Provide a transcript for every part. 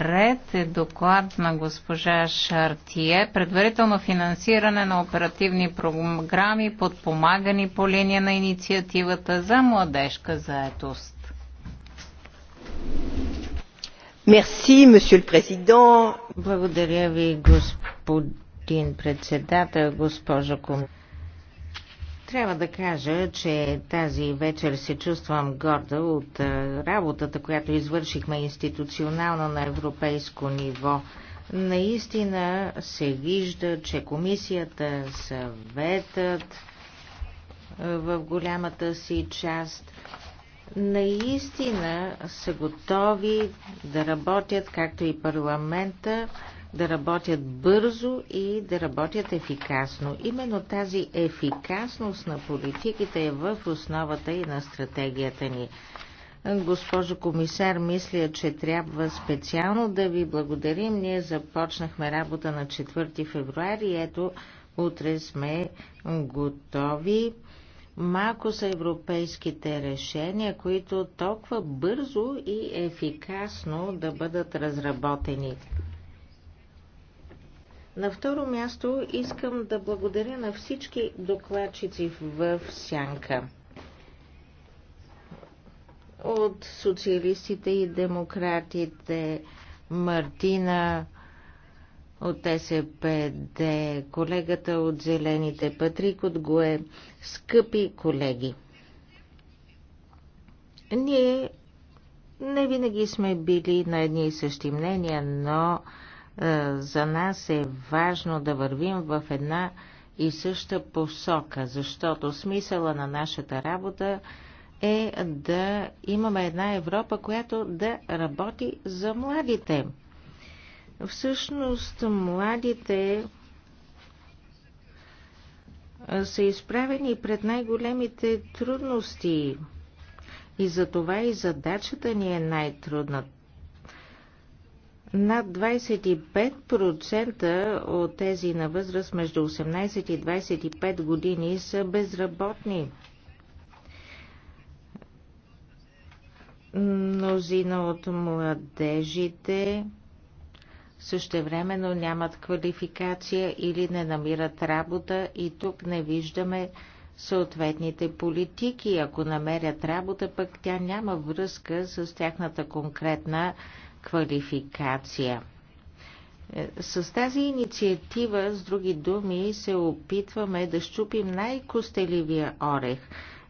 ред е доклад на госпожа Шартие. Предварително финансиране на оперативни програми, подпомагани по линия на инициативата за младежка заетост. Мерси, месье президент. Благодаря ви, господин председател, госпожо комисар. Трябва да кажа, че тази вечер се чувствам горда от работата, която извършихме институционално на европейско ниво. Наистина се вижда, че комисията, съветът в голямата си част наистина са готови да работят, както и парламента, да работят бързо и да работят ефикасно. Именно тази ефикасност на политиките е в основата и на стратегията ни. Госпожо комисар, мисля, че трябва специално да ви благодарим. Ние започнахме работа на 4 февруари. Ето, утре сме готови. Малко са европейските решения, които толкова бързо и ефикасно да бъдат разработени. На второ място искам да благодаря на всички докладчици в Сянка. От социалистите и демократите Мартина от СПД, колегата от Зелените, Патрик от ГОЕ, скъпи колеги. Ние не винаги сме били на едни и същи мнения, но е, за нас е важно да вървим в една и съща посока, защото смисъла на нашата работа е да имаме една Европа, която да работи за младите. Всъщност, младите са изправени пред най-големите трудности. И за това и задачата ни е най-трудна. Над 25% от тези на възраст между 18 и 25 години са безработни. Мнозина от младежите същевременно нямат квалификация или не намират работа и тук не виждаме съответните политики. Ако намерят работа, пък тя няма връзка с тяхната конкретна квалификация. Е, с тази инициатива, с други думи, се опитваме да щупим най-костеливия орех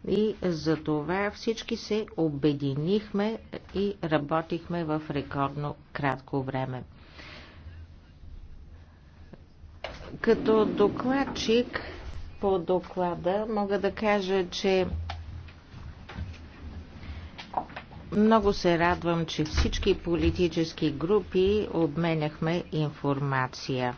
и за това всички се обединихме и работихме в рекордно кратко време. Като докладчик по доклада мога да кажа, че много се радвам, че всички политически групи обменяхме информация.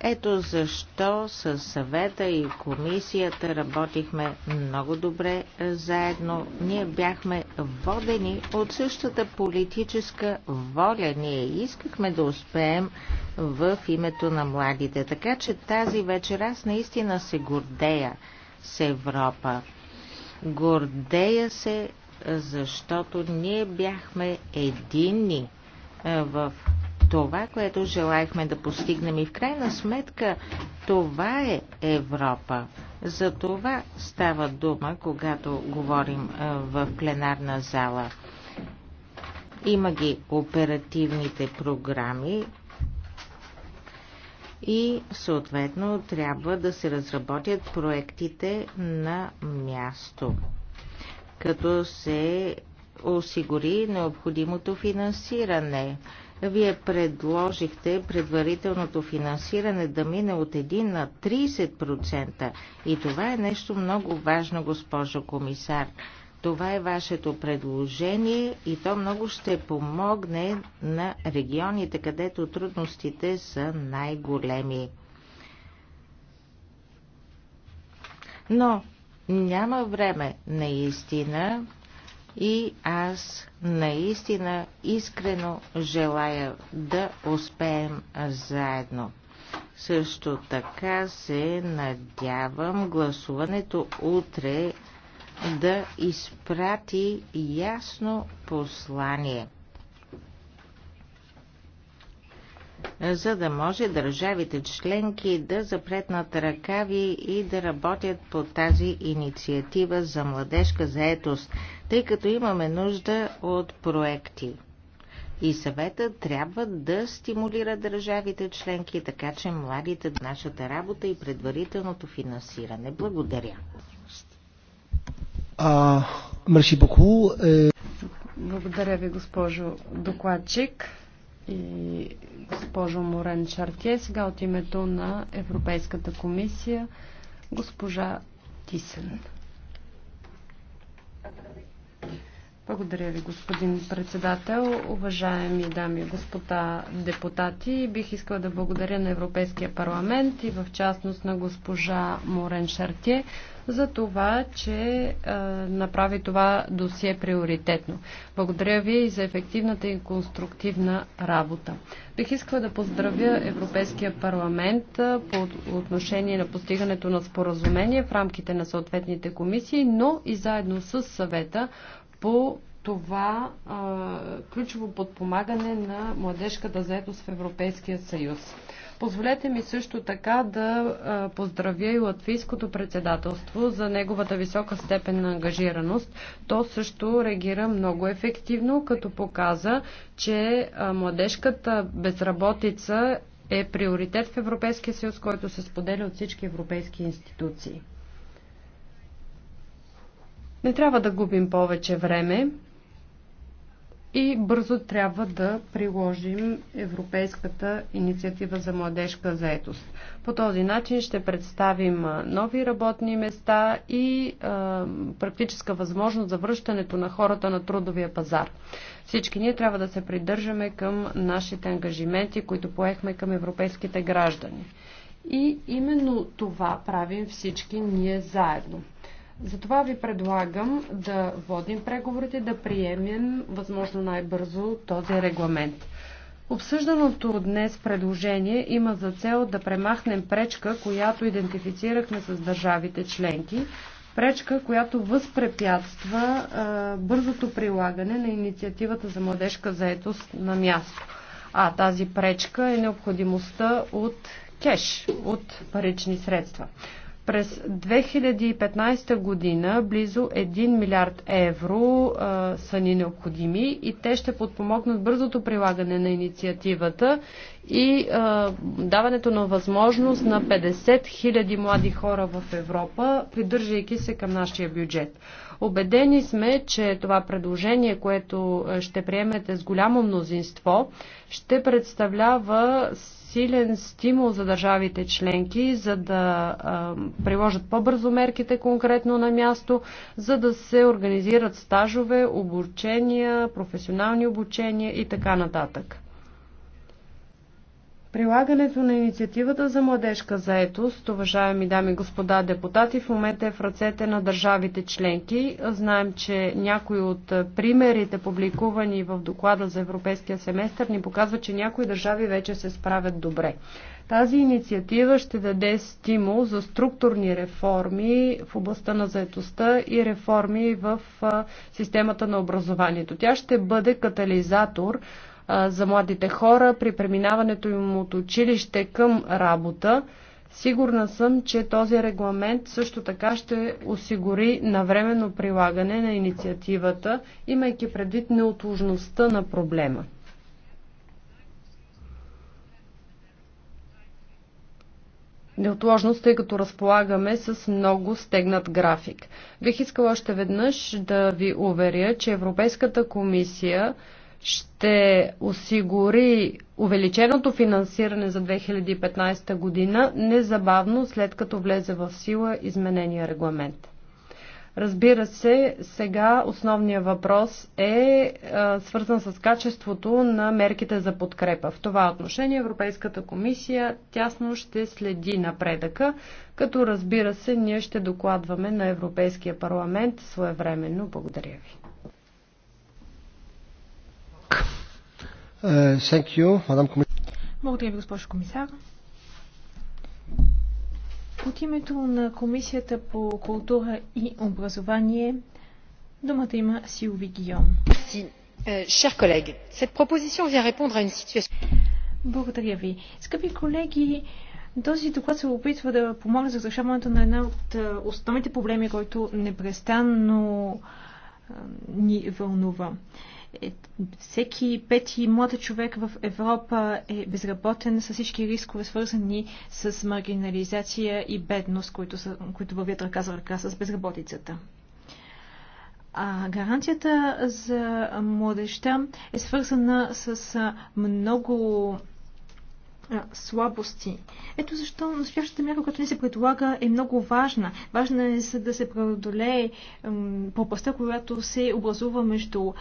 Ето защо с съвета и комисията работихме много добре заедно. Ние бяхме водени от същата политическа воля. Ние искахме да успеем в името на младите. Така че тази вечер аз наистина се гордея с Европа. Гордея се, защото ние бяхме единни в това, което желаехме да постигнем и в крайна сметка това е Европа. За това става дума, когато говорим в пленарна зала. Има ги оперативните програми, и съответно трябва да се разработят проектите на място, като се осигури необходимото финансиране. Вие предложихте предварителното финансиране да мине от 1 на 30% и това е нещо много важно, госпожо комисар. Това е вашето предложение и то много ще помогне на регионите, където трудностите са най-големи. Но няма време наистина и аз наистина искрено желая да успеем заедно. Също така се надявам гласуването утре да изпрати ясно послание, за да може държавите членки да запретнат ръкави и да работят по тази инициатива за младежка заетост, тъй като имаме нужда от проекти. И съвета трябва да стимулира държавите членки, така че младите нашата работа и предварителното финансиране. Благодаря мерси е, Благодаря ви, госпожо докладчик и госпожо Морен Шартие. Сега от името на Европейската комисия госпожа Тисен. Благодаря ви, господин председател. Уважаеми дами и господа депутати, бих искала да благодаря на Европейския парламент и в частност на госпожа Морен Шартие за това, че е, направи това досие приоритетно. Благодаря ви и за ефективната и конструктивна работа. Бих искала да поздравя Европейския парламент по отношение на постигането на споразумение в рамките на съответните комисии, но и заедно с съвета по това а, ключово подпомагане на младежката заедост в Европейския съюз. Позволете ми също така да поздравя и латвийското председателство за неговата висока степен на ангажираност. То също реагира много ефективно, като показа, че младежката безработица е приоритет в Европейския съюз, който се споделя от всички европейски институции. Не трябва да губим повече време и бързо трябва да приложим Европейската инициатива за младежка заетост. По този начин ще представим нови работни места и а, практическа възможност за връщането на хората на трудовия пазар. Всички ние трябва да се придържаме към нашите ангажименти, които поехме към европейските граждани. И именно това правим всички ние заедно. Затова ви предлагам да водим преговорите, да приемем възможно най-бързо този регламент. Обсъжданото днес предложение има за цел да премахнем пречка, която идентифицирахме с държавите членки, пречка, която възпрепятства а, бързото прилагане на инициативата за младежка заетост на място. А тази пречка е необходимостта от кеш, от парични средства. През 2015 година близо 1 милиард евро а, са ни необходими и те ще подпомогнат бързото прилагане на инициативата и а, даването на възможност на 50 хиляди млади хора в Европа, придържайки се към нашия бюджет. Обедени сме, че това предложение, което ще приемете с голямо мнозинство, ще представлява силен стимул за държавите членки, за да а, приложат по-бързо мерките конкретно на място, за да се организират стажове, обучения, професионални обучения и така нататък. Прилагането на инициативата за младежка заетост, уважаеми дами и господа депутати, в момента е в ръцете на държавите членки. Знаем, че някои от примерите, публикувани в доклада за европейския семестър, ни показва, че някои държави вече се справят добре. Тази инициатива ще даде стимул за структурни реформи в областта на заетостта и реформи в системата на образованието. Тя ще бъде катализатор за младите хора при преминаването им от училище към работа. Сигурна съм, че този регламент също така ще осигури навременно прилагане на инициативата, имайки предвид неотложността на проблема. неотложност, тъй като разполагаме с много стегнат график. Бих искала още веднъж да ви уверя, че Европейската комисия ще осигури увеличеното финансиране за 2015 година незабавно след като влезе в сила изменения регламент. Разбира се, сега основният въпрос е а, свързан с качеството на мерките за подкрепа. В това отношение Европейската комисия тясно ще следи напредъка, като разбира се, ние ще докладваме на Европейския парламент своевременно. Благодаря ви. Uh, you, Благодаря ви, госпожо комисар. От името на Комисията по култура и образование думата има Силви Гион. Е, Благодаря ви. Скъпи колеги, този доклад се опитва да помогне за разрешаването на една от е, основните проблеми, който непрестанно е, ни вълнува. Е, всеки пети млад човек в Европа е безработен с всички рискове, свързани с маргинализация и бедност, които, са, които вървят ръка за ръка с безработицата. А гаранцията за младеща е свързана с много слабости. Ето защо настоящата мярка, която ни се предлага, е много важна. Важна е за да се преодолее пропаста, която се образува между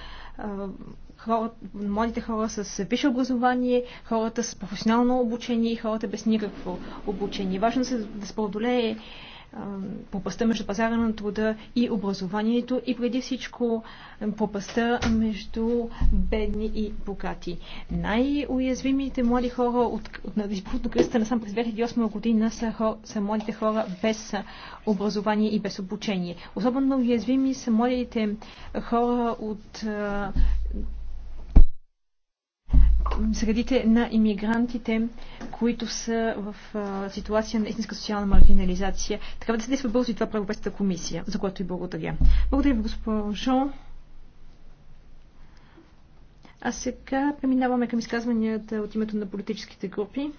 младите хора с висше образование, хората с професионално обучение и хората без никакво обучение. Важно е да се преодолее попаста между пазара на труда и образованието и преди всичко попаста между бедни и богати. Най-уязвимите млади хора от, от, от, от кръста сам през 2008 година са, хор, са младите хора без образование и без обучение. Особено уязвими са младите хора от средите на иммигрантите, които са в а, ситуация на истинска социална маргинализация. Трябва да се действа бързо и това прави Европейската комисия, за което и благодаря. Благодаря ви, госпожо. А сега преминаваме към изказванията от името на политическите групи.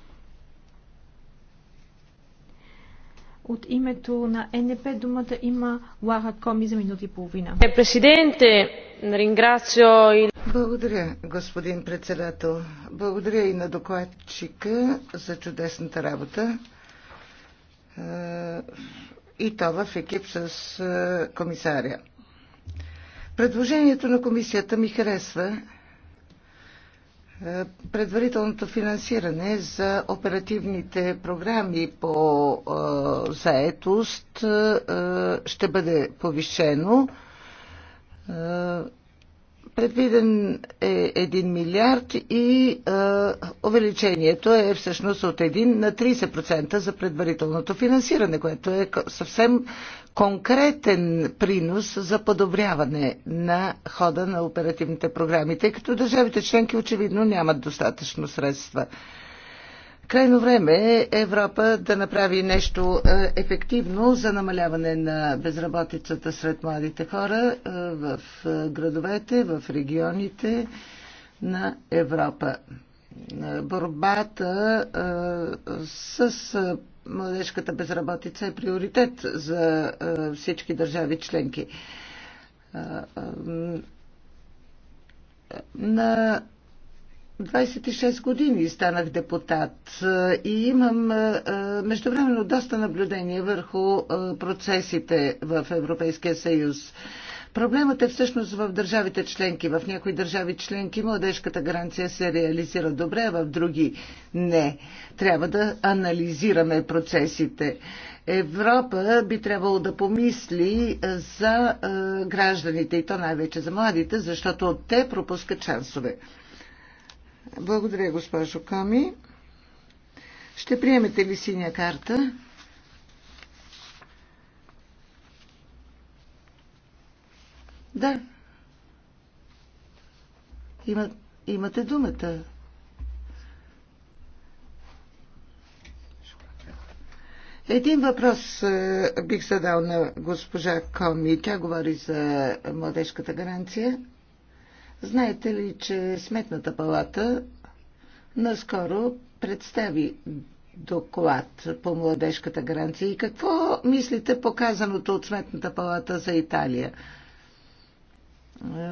От името на НП думата има Лара Коми за минути и половина. Е, президенте, ringrazio благодаря, господин председател. Благодаря и на докладчика за чудесната работа. Е, и то в екип с е, комисаря. Предложението на комисията ми харесва. Е, предварителното финансиране за оперативните програми по заетост ще бъде повишено Предвиден е 1 милиард и а, увеличението е всъщност от 1 на 30% за предварителното финансиране, което е съвсем конкретен принос за подобряване на хода на оперативните програми, тъй като държавите членки очевидно нямат достатъчно средства. Крайно време е Европа да направи нещо е, ефективно за намаляване на безработицата сред младите хора е, в е, градовете, в регионите на Европа. Борбата с младежката безработица е приоритет за всички държави членки. На 26 години станах депутат и имам междувременно доста наблюдение върху процесите в Европейския съюз. Проблемът е всъщност в държавите членки. В някои държави членки младежката гаранция се реализира добре, а в други не. Трябва да анализираме процесите. Европа би трябвало да помисли за гражданите и то най-вече за младите, защото те пропускат шансове. Благодаря, госпожо Ками. Ще приемете ли синя карта? Да. Има, имате думата. Един въпрос е, бих задал на госпожа Коми. Тя говори за младежката гаранция. Знаете ли, че Сметната палата наскоро представи доклад по младежката гаранция и какво мислите показаното от Сметната палата за Италия? Е,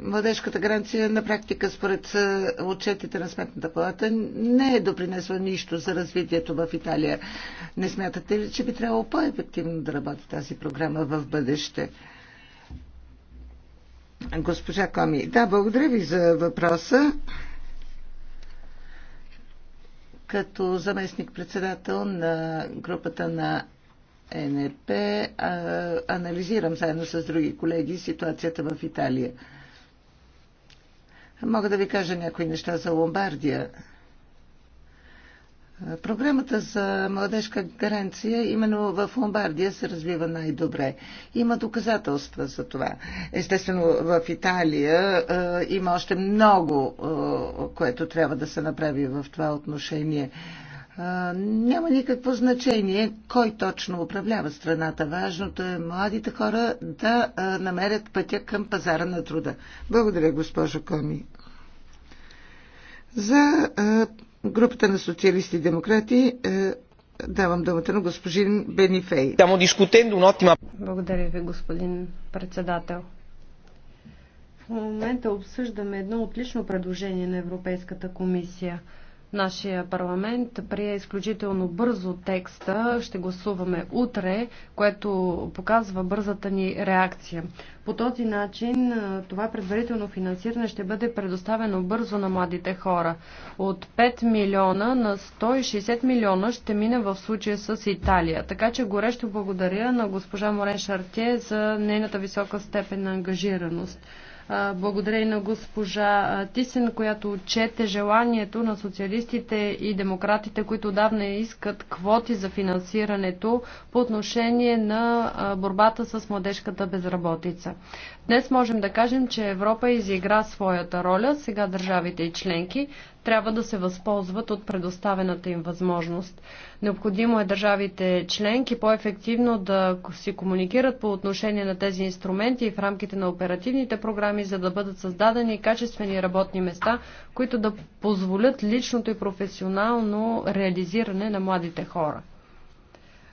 младежката гаранция на практика според е, отчетите на Сметната палата не е допринесла нищо за развитието в Италия. Не смятате ли, че би трябвало по-ефективно да работи тази програма в бъдеще? Госпожа Коми, да, благодаря ви за въпроса. Като заместник-председател на групата на НРП анализирам заедно с други колеги ситуацията в Италия. Мога да ви кажа някои неща за Ломбардия. Програмата за младежка гаранция именно в Ломбардия се развива най-добре. Има доказателства за това. Естествено, в Италия е, има още много, е, което трябва да се направи в това отношение. Е, няма никакво значение кой точно управлява страната. Важното е младите хора да е, намерят пътя към пазара на труда. Благодаря, госпожо Коми. За е, групата на социалисти и демократи е, давам думата на господин Бенифей. Благодаря ви, господин председател. В момента обсъждаме едно отлично предложение на Европейската комисия – Нашия парламент прие изключително бързо текста. Ще гласуваме утре, което показва бързата ни реакция. По този начин това предварително финансиране ще бъде предоставено бързо на младите хора. От 5 милиона на 160 милиона ще мине в случая с Италия. Така че горещо благодаря на госпожа Морен Шартие за нейната висока степен на ангажираност. Благодаря и на госпожа Тисен, която отчете желанието на социалистите и демократите, които отдавна искат квоти за финансирането по отношение на борбата с младежката безработица. Днес можем да кажем, че Европа изигра своята роля, сега държавите и членки трябва да се възползват от предоставената им възможност. Необходимо е държавите членки по-ефективно да си комуникират по отношение на тези инструменти и в рамките на оперативните програми, за да бъдат създадени качествени работни места, които да позволят личното и професионално реализиране на младите хора.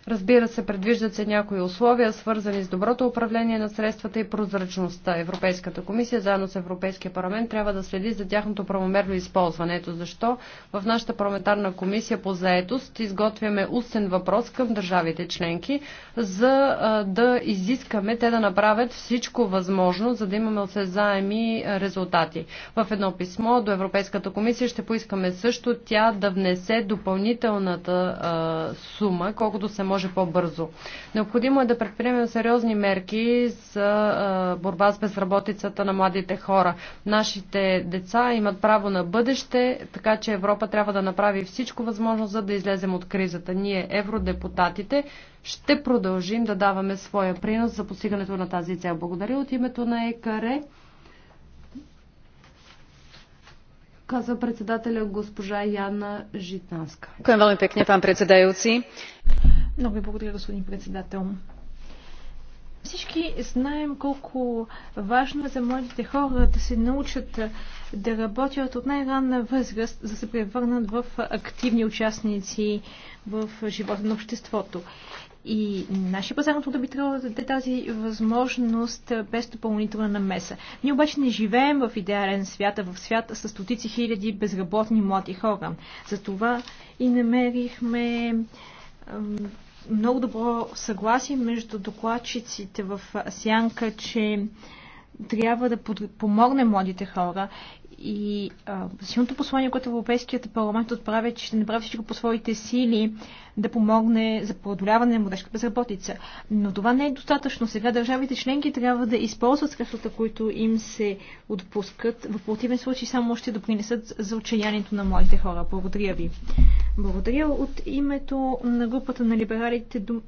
Разбира се, предвиждат се някои условия, свързани с доброто управление на средствата и прозрачността. Европейската комисия, заедно с Европейския парламент, трябва да следи за тяхното правомерно използване. Ето защо в нашата парламентарна комисия по заетост изготвяме устен въпрос към държавите членки, за да изискаме те да направят всичко възможно, за да имаме осезаеми резултати. В едно писмо до Европейската комисия ще поискаме също тя да внесе допълнителната сума, колкото се може може по-бързо. Необходимо е да предприемем сериозни мерки за борба с безработицата на младите хора. Нашите деца имат право на бъдеще, така че Европа трябва да направи всичко възможно, за да излезем от кризата. Ние, евродепутатите, ще продължим да даваме своя принос за постигането на тази цел. Благодаря от името на ЕКАРЕ. казва председателя госпожа Яна Житнанска. Ďakujem veľmi пекни, пан predsedajúci. Много ви благодаря, господин председател. Всички знаем колко важно е за младите хора да се научат да работят от най-ранна възраст, за да се превърнат в активни участници в живота на обществото. И нашия пазар на труда би трябвало да даде тази възможност без допълнителна намеса. Ние обаче не живеем в идеален свят, а в свят с стотици хиляди безработни млади хора. Затова и намерихме много добро съгласие между докладчиците в Сянка, че трябва да помогне младите хора и а, силното послание, което Европейският парламент отправя, че ще направи всичко по своите сили да помогне за преодоляване на младежка безработица. Но това не е достатъчно. Сега държавите членки трябва да използват средствата, които им се отпускат. В противен случай само ще допринесат за отчаянието на младите хора. Благодаря ви. Благодаря. От името на групата на либералите, от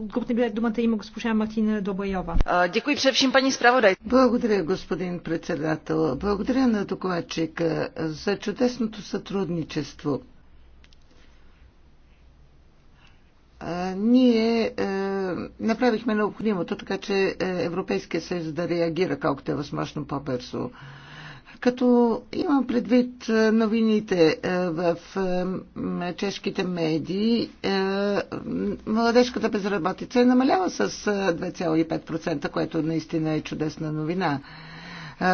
групата на либералите думата има госпожа Мартина Добайова. Дякую всем, пани справодай. Благодаря, господин председател. Благодаря на докладчика за чудесното сътрудничество. ние е, направихме необходимото, така че е, Европейския съюз да реагира колкото е възможно по-бързо. Е, като имам предвид е, новините е, в е, чешките медии, младежката безработица е намаляла с 2,5%, което наистина е чудесна новина.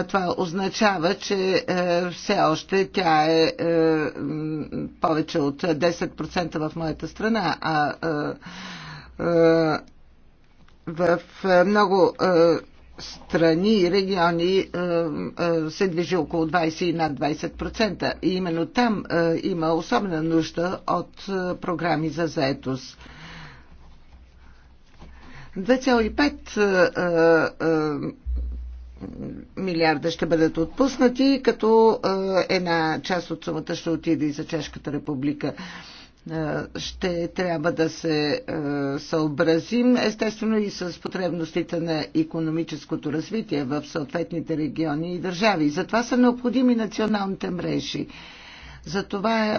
Това означава, че все още тя е повече от 10% в моята страна, а в много страни и региони е, е, се движи около 20 и над 20%. И именно там е, има особена нужда от програми за заетост. 2,5 милиарда ще бъдат отпуснати, като една част от сумата ще отиде и за Чешката република. Е, ще трябва да се е, съобразим естествено и с потребностите на економическото развитие в съответните региони и държави. Затова са необходими националните мрежи. Затова е,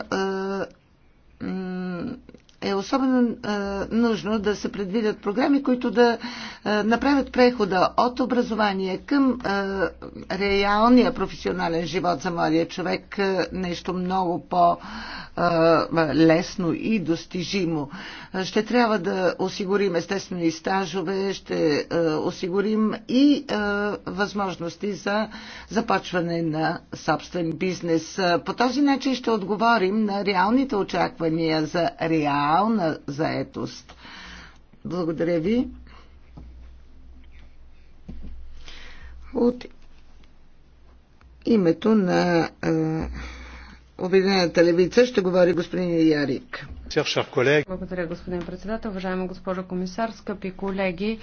е особено е, нужно да се предвидят програми, които да е, направят прехода от образование към е, реалния професионален живот за младия човек е, нещо много по-лесно е, и достижимо. Ще трябва да осигурим естествено и стажове, ще е, осигурим и е, възможности за започване на собствен бизнес. По този начин ще отговорим на реалните очаквания за реал реална заетост. Благодаря ви. От името на е, Обединената левица ще говори господин Ярик. Благодаря, господин председател. Уважаема госпожа комисар, скъпи колеги,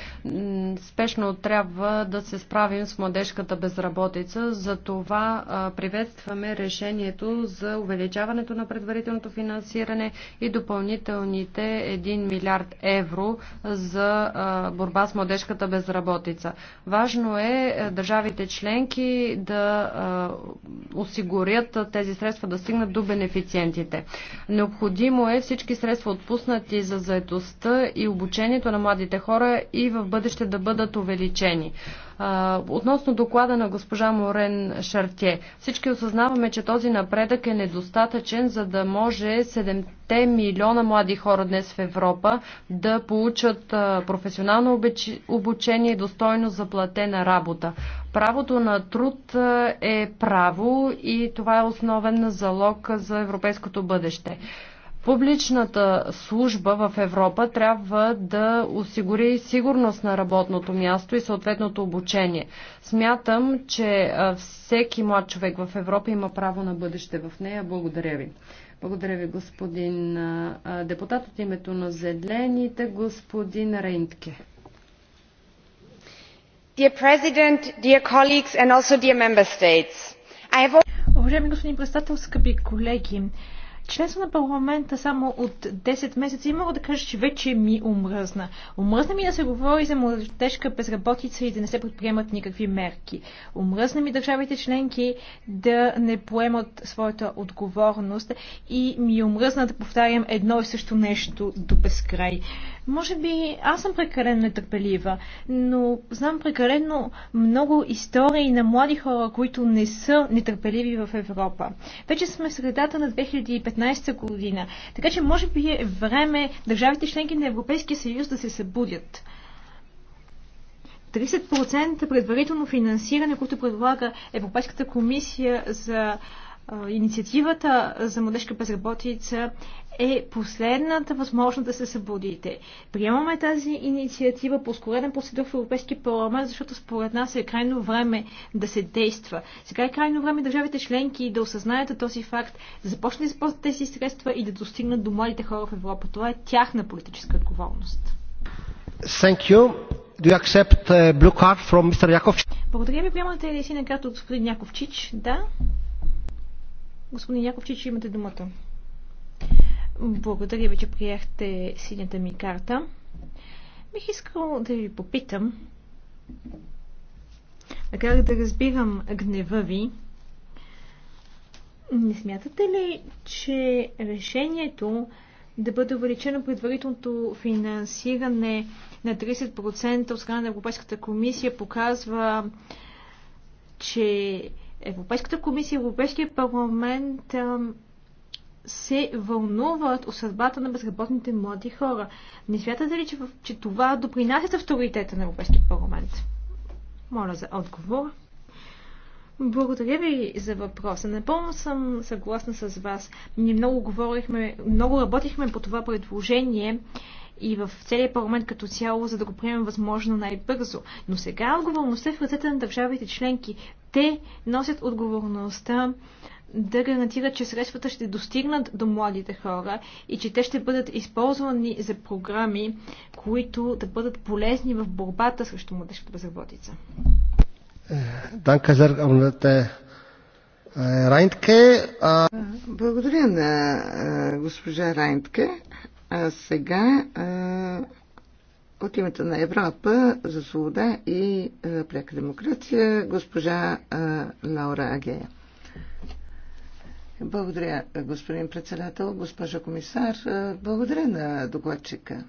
спешно трябва да се справим с младежката безработица. За това приветстваме решението за увеличаването на предварителното финансиране и допълнителните 1 милиард евро за борба с младежката безработица. Важно е, е държавите членки да осигурят тези средства да стигнат до бенефициентите. Необходимо е всички всички средства отпуснати за заедостта и обучението на младите хора и в бъдеще да бъдат увеличени. Относно доклада на госпожа Морен Шартье, всички осъзнаваме, че този напредък е недостатъчен, за да може 7 милиона млади хора днес в Европа да получат професионално обучение и достойно заплатена работа. Правото на труд е право и това е основен залог за европейското бъдеще. Публичната служба в Европа трябва да осигури сигурност на работното място и съответното обучение. Смятам, че всеки млад човек в Европа има право на бъдеще в нея. Благодаря ви. Благодаря ви, господин депутат от името на Зелените, господин Рейнтке. Dear President, dear colleagues and also dear member states. I have... Уважаеми господин председател, скъпи колеги, Членство на парламента само от 10 месеца и мога да кажа, че вече ми омръзна. Омръзна ми да се говори за младежка безработица и да не се предприемат никакви мерки. Омръзна ми държавите членки да не поемат своята отговорност и ми омръзна да повтарям едно и също нещо до безкрай. Може би аз съм прекалено нетърпелива, но знам прекалено много истории на млади хора, които не са нетърпеливи в Европа. Вече сме в средата на 2015 година, така че може би е време държавите членки на Европейския съюз да се събудят. 30% предварително финансиране, което предлага Европейската комисия за инициативата за младежка безработица е последната възможност да се събудите. Приемаме тази инициатива по скореден процедур в Европейския парламент, защото според нас е крайно време да се действа. Сега е крайно време държавите членки да осъзнаят този факт, да започнат да използват тези средства и да достигнат до младите хора в Европа. Това е тяхна политическа отговорност. Thank you. Do you accept blue card from Mr. Благодаря ви. Приемате ли си на карта от господин Яковчич? Да. Господин Яковчич, имате думата. Благодаря ви, че приехте синята ми карта. Бих искал да ви попитам, как да разбирам гнева ви, не смятате ли, че решението да бъде увеличено предварителното финансиране на 30% от страна на Европейската комисия показва, че Европейската комисия и Европейския парламент се вълнуват от съдбата на безработните млади хора. Не смятате ли, че, че това допринася за авторитета на Европейския парламент? Моля за отговор. Благодаря ви за въпроса. Напълно съм съгласна с вас. Ние много говорихме, много работихме по това предложение и в целия парламент като цяло, за да го приемем възможно най-бързо. Но сега отговорността е в ръцете на държавите членки. Те носят отговорността да гарантират, че средствата ще достигнат до младите хора и че те ще бъдат използвани за програми, които да бъдат полезни в борбата срещу младежката безработица. Е, Благодаря на госпожа Райнтке. А сега от името на Европа за свобода и пряка демокрация госпожа Лаура Агея. Благодаря, господин председател, госпожа комисар. Благодаря на докладчика.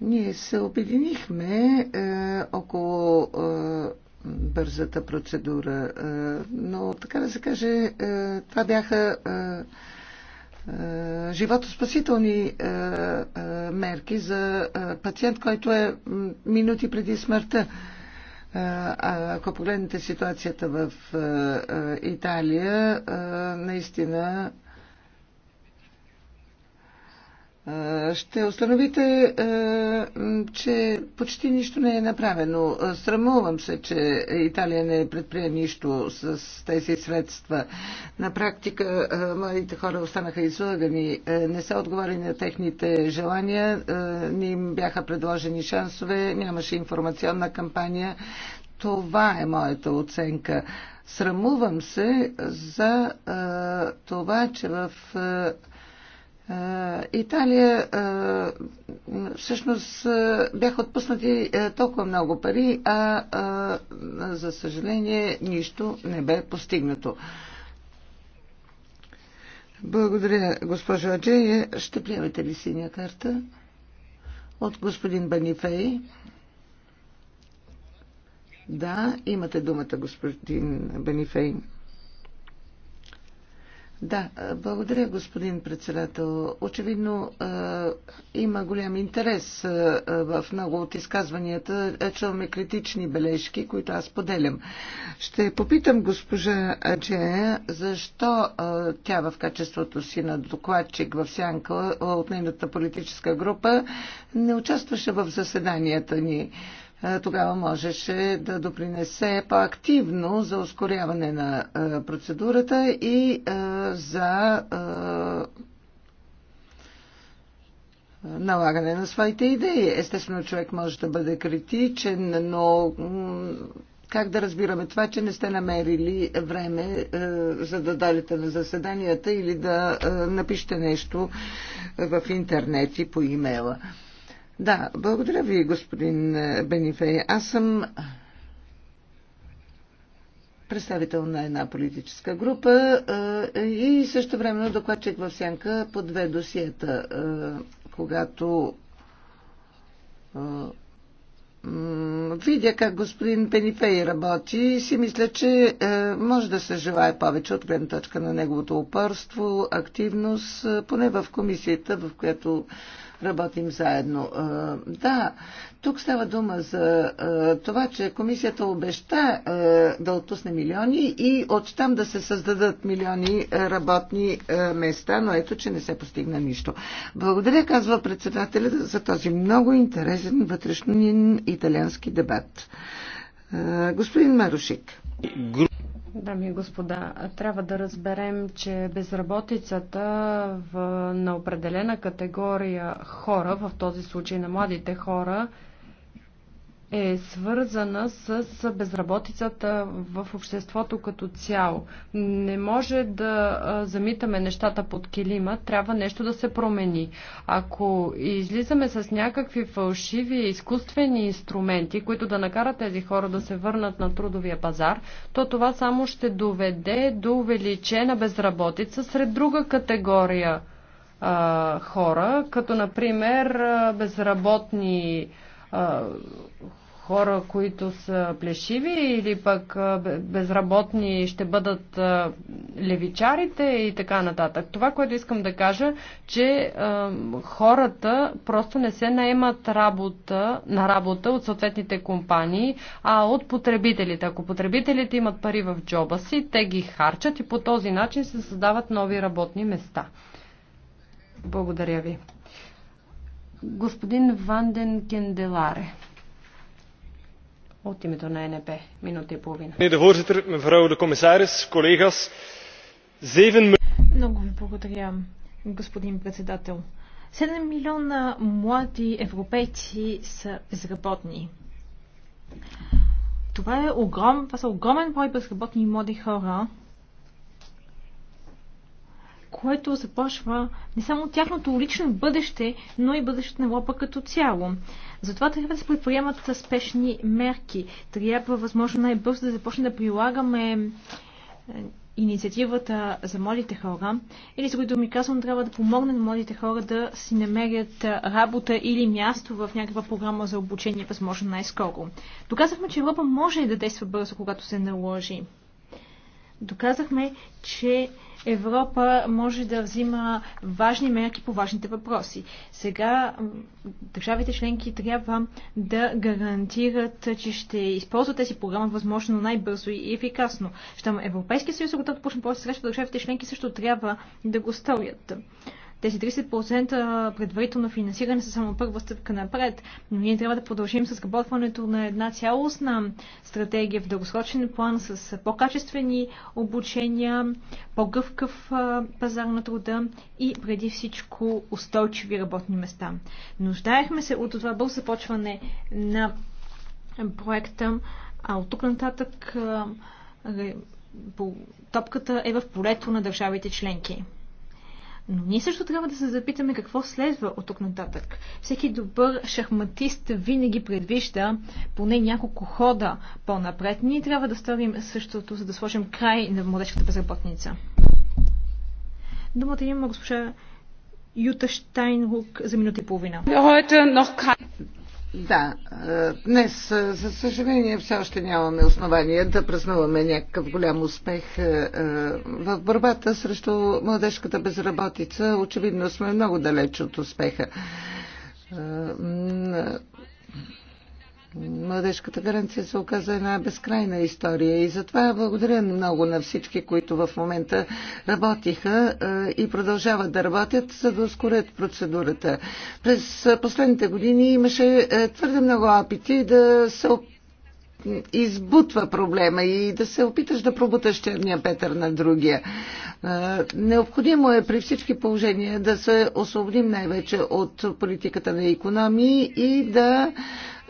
Ние се обединихме е, около бързата процедура. Но, така да се каже, това бяха животоспасителни мерки за пациент, който е минути преди смъртта. Ако погледнете ситуацията в Италия, наистина е, ще установите, е, че почти нищо не е направено. Е, срамувам се, че Италия не предприе нищо с тези средства. На практика младите хора останаха излагани. Не са отговори на техните желания. Не им бяха предложени шансове. Нямаше информационна кампания. Това е моята оценка. Срамувам се за това, че в е, Италия е, всъщност е, бяха отпуснати толкова много пари, а за съжаление нищо не бе постигнато. Благодаря, госпожо Аджея. Ще приемете ли синя карта от господин Банифей? Да, имате думата, господин Банифей. Да, е, благодаря, господин председател. Очевидно е, има голям интерес е, в много от изказванията. Е, чуваме критични бележки, които аз поделям. Ще попитам госпожа Аджея, защо е, тя в качеството си на докладчик в Сянка от нейната политическа група не участваше в заседанията ни тогава можеше да допринесе по-активно за ускоряване на процедурата и за налагане на своите идеи. Естествено, човек може да бъде критичен, но как да разбираме това, че не сте намерили време за да дадете на заседанията или да напишете нещо в интернет и по имейла? Да, благодаря ви, господин е, Бенифей. Аз съм представител на една политическа група е, и също времено докладчик в сянка по две досиета, е, когато видя как господин Пенифей работи и си мисля, че може да се желая повече от гледна точка на неговото упорство, активност, поне в комисията, в която работим заедно. Да, тук става дума за това, че комисията обеща да отпусне милиони и оттам да се създадат милиони работни места, но ето, че не се постигна нищо. Благодаря, казва председателя, за този много интересен вътрешнин италиански дебат. Господин Марушик. Дами и господа, трябва да разберем, че безработицата в, на определена категория хора, в този случай на младите хора, е свързана с безработицата в обществото като цяло. Не може да замитаме нещата под килима, трябва нещо да се промени. Ако излизаме с някакви фалшиви изкуствени инструменти, които да накарат тези хора да се върнат на трудовия пазар, то това само ще доведе до увеличена безработица сред друга категория а, хора, като например безработни а, хора, които са плешиви или пък безработни ще бъдат левичарите и така нататък. Това, което искам да кажа, че хората просто не се наемат работа, на работа от съответните компании, а от потребителите. Ако потребителите имат пари в джоба си, те ги харчат и по този начин се създават нови работни места. Благодаря ви. Господин Ванден Кенделаре. От името на НП. Минута и половина. Meneer voorzitter, mevrouw de commissaris, collega's. Zeven... Много ви благодаря, господин председател. 7 милиона млади европейци са безработни. Това е огром, това са огромен брой безработни млади хора, което започва не само тяхното лично бъдеще, но и бъдещето на Европа като цяло. Затова трябва да се предприемат спешни мерки. Трябва възможно най-бързо да започне да прилагаме е, инициативата за младите хора, или с които ми казвам, трябва да помогне на младите хора да си намерят работа или място в някаква програма за обучение, възможно най-скоро. Доказахме, че Европа може да действа бързо, когато се наложи. Доказахме, че Европа може да взима важни мерки по важните въпроси. Сега държавите членки трябва да гарантират, че ще използват тези програма възможно най-бързо и ефикасно. Щом Европейския съюз, когато е почне по среща, държавите членки също трябва да го сторят. Тези 30% предварително финансиране са само първа стъпка напред, но ние трябва да продължим с работването на една цялостна стратегия в дългосрочен план с по-качествени обучения, по-гъвкав пазар на труда и преди всичко устойчиви работни места. Нуждаехме се от това бързо започване на проекта, а от тук нататък топката е в полето на държавите членки. Но ние също трябва да се запитаме какво следва от тук нататък. Всеки добър шахматист винаги предвижда поне няколко хода по-напред. Ние трябва да ставим същото, за да сложим край на младежката безработница. Думата има госпожа Юта Штайнрук за минута и половина. Да, е, днес, е, за съжаление, все още нямаме основания да празнуваме някакъв голям успех е, в борбата срещу младежката безработица. Очевидно сме много далеч от успеха. Младежката гаранция се оказа една безкрайна история и затова благодаря много на всички, които в момента работиха и продължават да работят, за да ускорят процедурата. През последните години имаше твърде много опити да се избутва проблема и да се опиташ да пробуташ черния петър на другия. Необходимо е при всички положения да се освободим най-вече от политиката на економии и да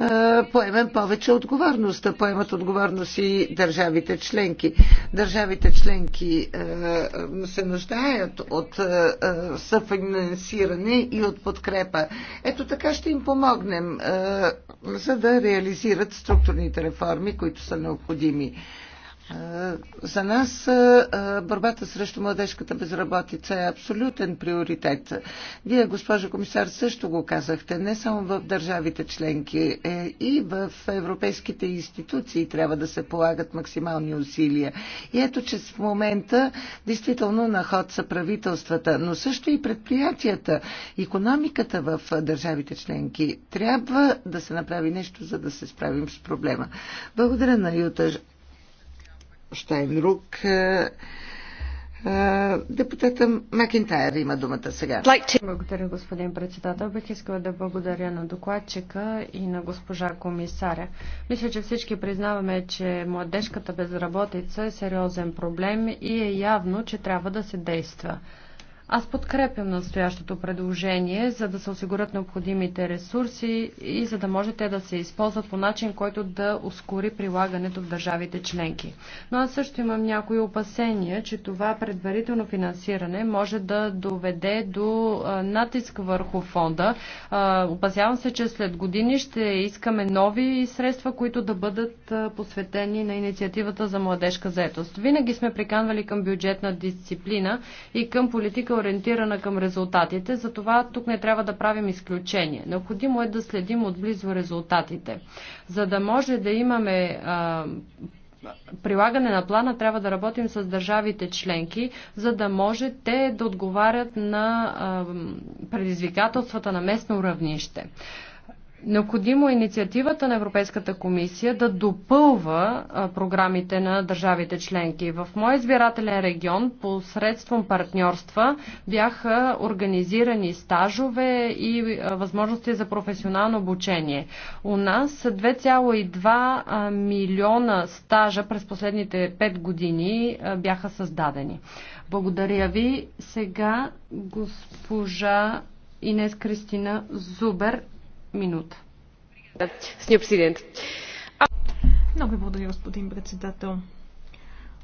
е, поемем повече отговорност, да поемат отговорност и държавите членки. Държавите членки е, се нуждаят от е, съфинансиране и от подкрепа. Ето така ще им помогнем, за да реализират структурните реформи, които са необходими. Е, за нас е, е, борбата срещу младежката безработица е абсолютен приоритет. Вие, госпожо комисар, също го казахте. Не само в държавите членки, и в европейските институции трябва да се полагат максимални усилия. И ето, че в момента действително на ход са правителствата, но също и предприятията. Економиката в държавите членки трябва да се направи нещо, за да се справим с проблема. Благодаря на Юта Штайнрук. Е, е, депутата Макентайр има думата сега. Благодаря, господин председател. Бих искала да благодаря на докладчика и на госпожа комисаря. Мисля, че всички признаваме, че младежката безработица е сериозен проблем и е явно, че трябва да се действа. Аз подкрепям настоящото предложение, за да се осигурят необходимите ресурси и за да може те да се използват по начин, който да ускори прилагането в държавите членки. Но аз също имам някои опасения, че това предварително финансиране може да доведе до натиск върху фонда. Опасявам се, че след години ще искаме нови средства, които да бъдат посветени на инициативата за младежка заетост. Винаги сме приканвали към бюджетна дисциплина и към политика ориентирана към резултатите, затова тук не трябва да правим изключение. Необходимо е да следим отблизо резултатите. За да може да имаме а, прилагане на плана трябва да работим с държавите членки, за да може те да отговарят на предизвикателствата на местно равнище. Необходимо е инициативата на Европейската комисия да допълва програмите на държавите членки. В моя избирателен регион посредством партньорства бяха организирани стажове и възможности за професионално обучение. У нас 2,2 милиона стажа през последните 5 години бяха създадени. Благодаря ви. Сега госпожа Инес Кристина Зубер много ви благодаря, господин председател.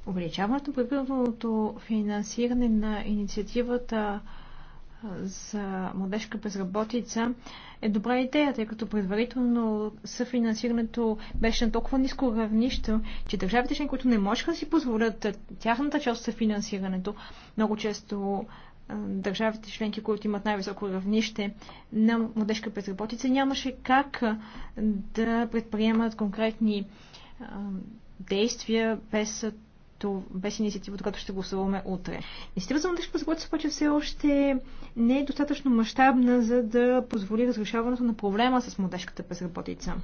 Увеличаването на предварителното финансиране на инициативата за младежка безработица е добра идея, тъй като предварително съфинансирането беше на толкова ниско равнище, че държавите, които не можеха да си позволят тяхната част от съфинансирането, много често държавите членки, които имат най-високо равнище на младежка безработица, нямаше как да предприемат конкретни действия без, без инициативата, която ще гласуваме утре. Инициативата за младежка безработица обаче все още не е достатъчно мащабна, за да позволи разрешаването на проблема с младежката безработица.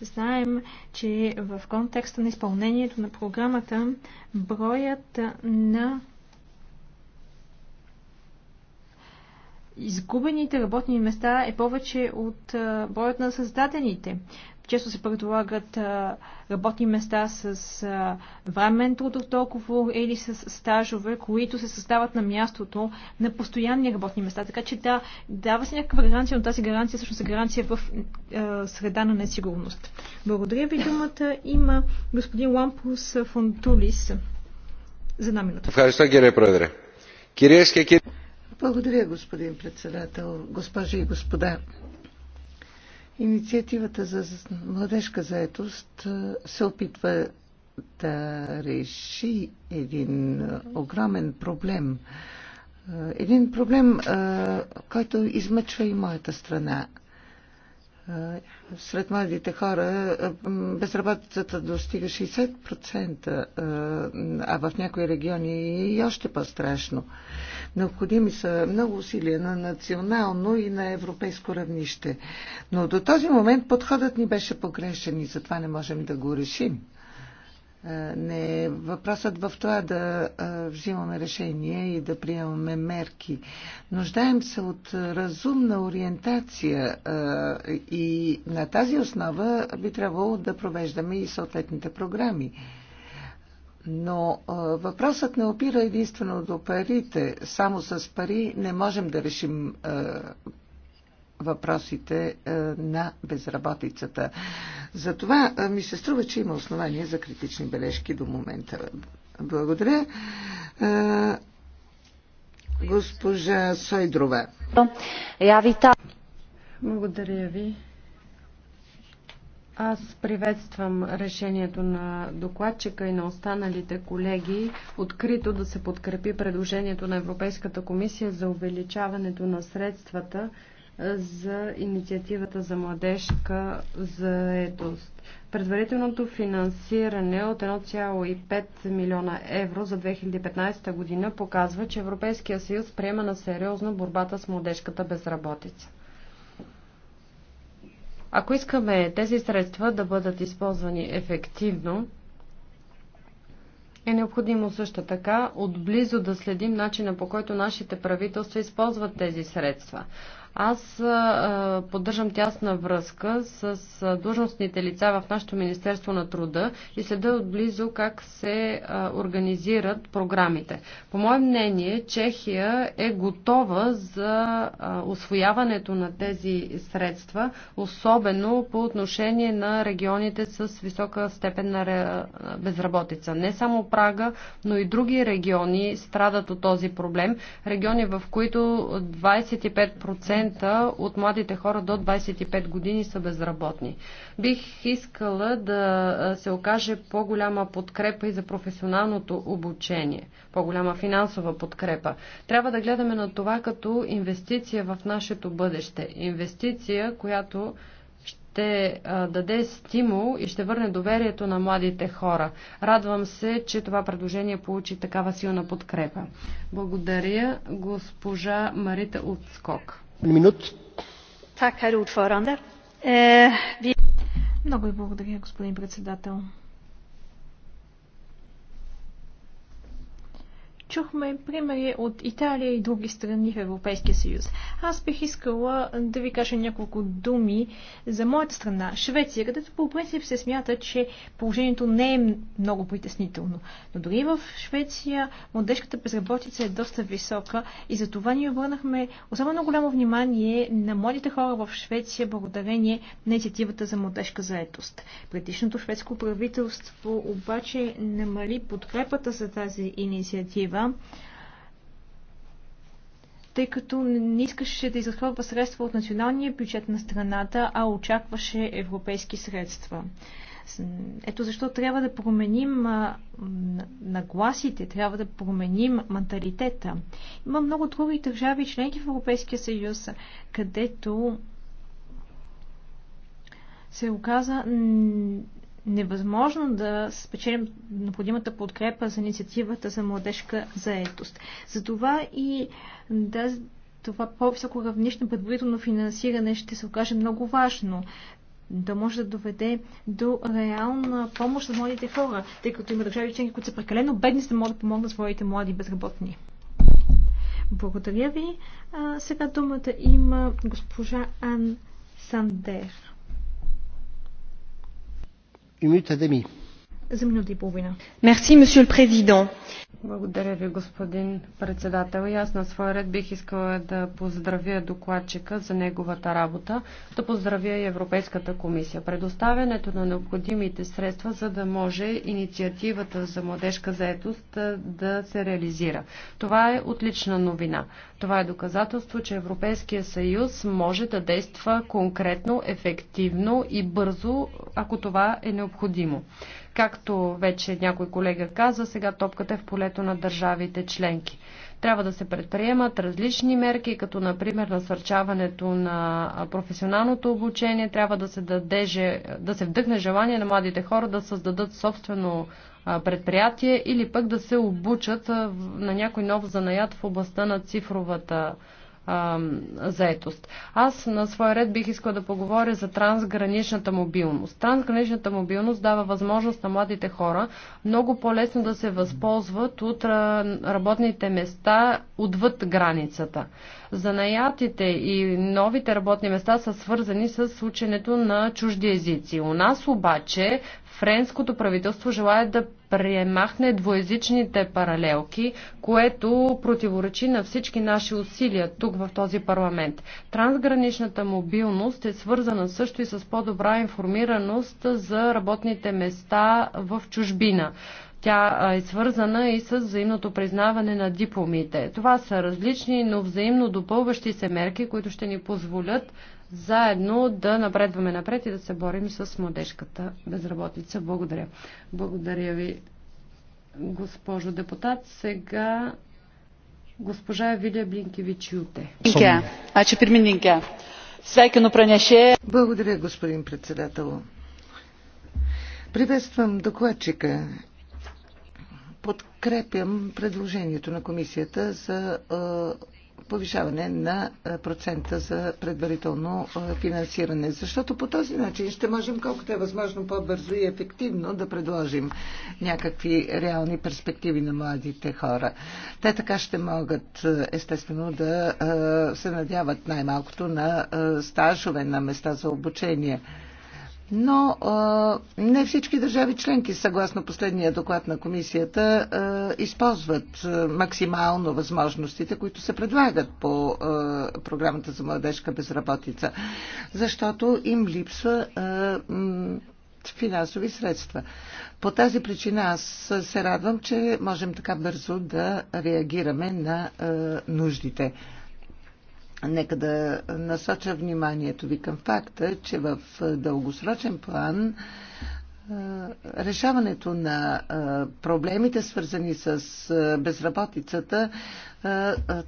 Знаем, че в контекста на изпълнението на програмата броят на изгубените работни места е повече от броят на създадените често се предлагат работни места с времен трудов договор или с стажове, които се създават на мястото на постоянни работни места. Така че да, дава се някаква гаранция, но тази гаранция всъщност е гаранция в а, среда на несигурност. Благодаря ви думата. Има господин Лампус Фонтулис за една минута. Благодаря, господин председател, госпожи и господа. Инициативата за младежка заетост се опитва да реши един огромен проблем. Един проблем, който измъчва и моята страна. Сред младите хора безработицата достига 60%, а в някои региони и още по-страшно. Необходими са много усилия на национално и на европейско равнище. Но до този момент подходът ни беше погрешен и затова не можем да го решим. Е, не е въпросът в това е да е, взимаме решение и да приемаме мерки. Нуждаем се от разумна ориентация и на тази основа би трябвало да провеждаме и съответните програми. Но въпросът не опира единствено до парите. Само с пари не можем да решим въпросите е, на безработицата. Затова е, ми се струва, че има основания за критични бележки до момента. Благодаря. Е, госпожа Сойдрова. Я вита. Благодаря ви. Аз приветствам решението на докладчика и на останалите колеги открито да се подкрепи предложението на Европейската комисия за увеличаването на средствата за инициативата за младежка заетост. Предварителното финансиране от 1,5 милиона евро за 2015 година показва, че Европейския съюз приема на сериозно борбата с младежката безработица. Ако искаме тези средства да бъдат използвани ефективно, е необходимо също така отблизо да следим начина по който нашите правителства използват тези средства. Аз а, поддържам тясна връзка с а, длъжностните лица в нашето Министерство на труда и следа отблизо как се а, организират програмите. По мое мнение, Чехия е готова за а, освояването на тези средства, особено по отношение на регионите с висока степен на ре... безработица. Не само Прага, но и други региони страдат от този проблем. Региони, в които 25% 40% от младите хора до 25 години са безработни. Бих искала да се окаже по-голяма подкрепа и за професионалното обучение, по-голяма финансова подкрепа. Трябва да гледаме на това като инвестиция в нашето бъдеще. Инвестиция, която ще даде стимул и ще върне доверието на младите хора. Радвам се, че това предложение получи такава силна подкрепа. Благодаря госпожа Марита Отскок. Eh, Много ви благодаря, господин председател. Чухме примери от Италия и други страни в Европейския съюз. Аз бих искала да ви кажа няколко думи за моята страна, Швеция, където по принцип се смята, че положението не е много притеснително. Но дори в Швеция младежката безработица е доста висока и за това ние обърнахме особено голямо внимание на младите хора в Швеция благодарение на инициативата за младежка заетост. Предишното шведско правителство обаче намали подкрепата за тази инициатива тъй като не искаше да изразходва средства от националния бюджет на страната, а очакваше европейски средства. Ето защо трябва да променим нагласите, трябва да променим менталитета. Има много други държави, членки в Европейския съюз, където се оказа невъзможно да спечелим необходимата подкрепа за инициативата за младежка заетост. Затова и да, това по-високо равнище предварително финансиране ще се окаже много важно да може да доведе до реална помощ за младите хора, тъй като има държави членки, които са прекалено бедни, за да могат да помогнат своите млади безработни. Благодаря ви. А, сега думата има госпожа Ан Сандер une minute et за минута и половина. Мерси, месье президент. Благодаря ви, господин председател. И аз на своя ред бих искала да поздравя докладчика за неговата работа, да поздравя и Европейската комисия. Предоставянето на необходимите средства, за да може инициативата за младежка заетост да се реализира. Това е отлична новина. Това е доказателство, че Европейския съюз може да действа конкретно, ефективно и бързо, ако това е необходимо. Както вече някой колега каза, сега топката е в полето на държавите членки. Трябва да се предприемат различни мерки, като например насърчаването на професионалното обучение. Трябва да се, даде, да се вдъхне желание на младите хора да създадат собствено предприятие или пък да се обучат на някой нов занаят в областта на цифровата заетост. Аз на своя ред бих искал да поговоря за трансграничната мобилност. Трансграничната мобилност дава възможност на младите хора много по-лесно да се възползват от работните места отвъд границата. Занаятите и новите работни места са свързани с ученето на чужди езици. У нас обаче френското правителство желая да премахне двоязичните паралелки, което противоречи на всички наши усилия тук в този парламент. Трансграничната мобилност е свързана също и с по-добра информираност за работните места в чужбина. Тя е свързана и с взаимното признаване на дипломите. Това са различни, но взаимно допълващи се мерки, които ще ни позволят заедно да напредваме напред и да се борим с младежката безработица. Благодаря. Благодаря ви, госпожо депутат. Сега госпожа Вилия Блинкевич Юте. Благодаря, господин председател. Приветствам докладчика. Подкрепям предложението на комисията за повишаване на процента за предварително финансиране. Защото по този начин ще можем колкото е възможно по-бързо и ефективно да предложим някакви реални перспективи на младите хора. Те така ще могат естествено да се надяват най-малкото на стажове, на места за обучение. Но а, не всички държави членки, съгласно последния доклад на комисията, а, използват а, максимално възможностите, които се предлагат по а, програмата за младежка безработица, защото им липсва а, финансови средства. По тази причина аз се радвам, че можем така бързо да реагираме на а, нуждите. Нека да насоча вниманието ви към факта, че в дългосрочен план решаването на проблемите, свързани с безработицата,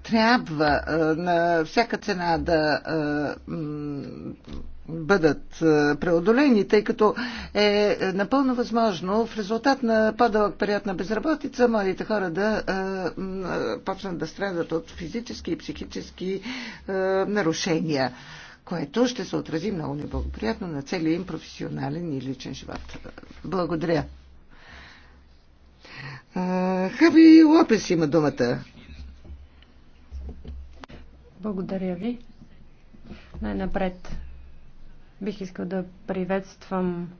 трябва на всяка цена да бъдат е, преодолени, тъй като е напълно възможно в резултат на по-дълъг период на безработица младите хора да е, е, почнат да страдат от физически и психически нарушения, което ще се отрази много неблагоприятно на целият им професионален и личен живот. Благодаря. Хаби Лопес има думата. Благодаря ви. Най-напред Бих искал да приветствам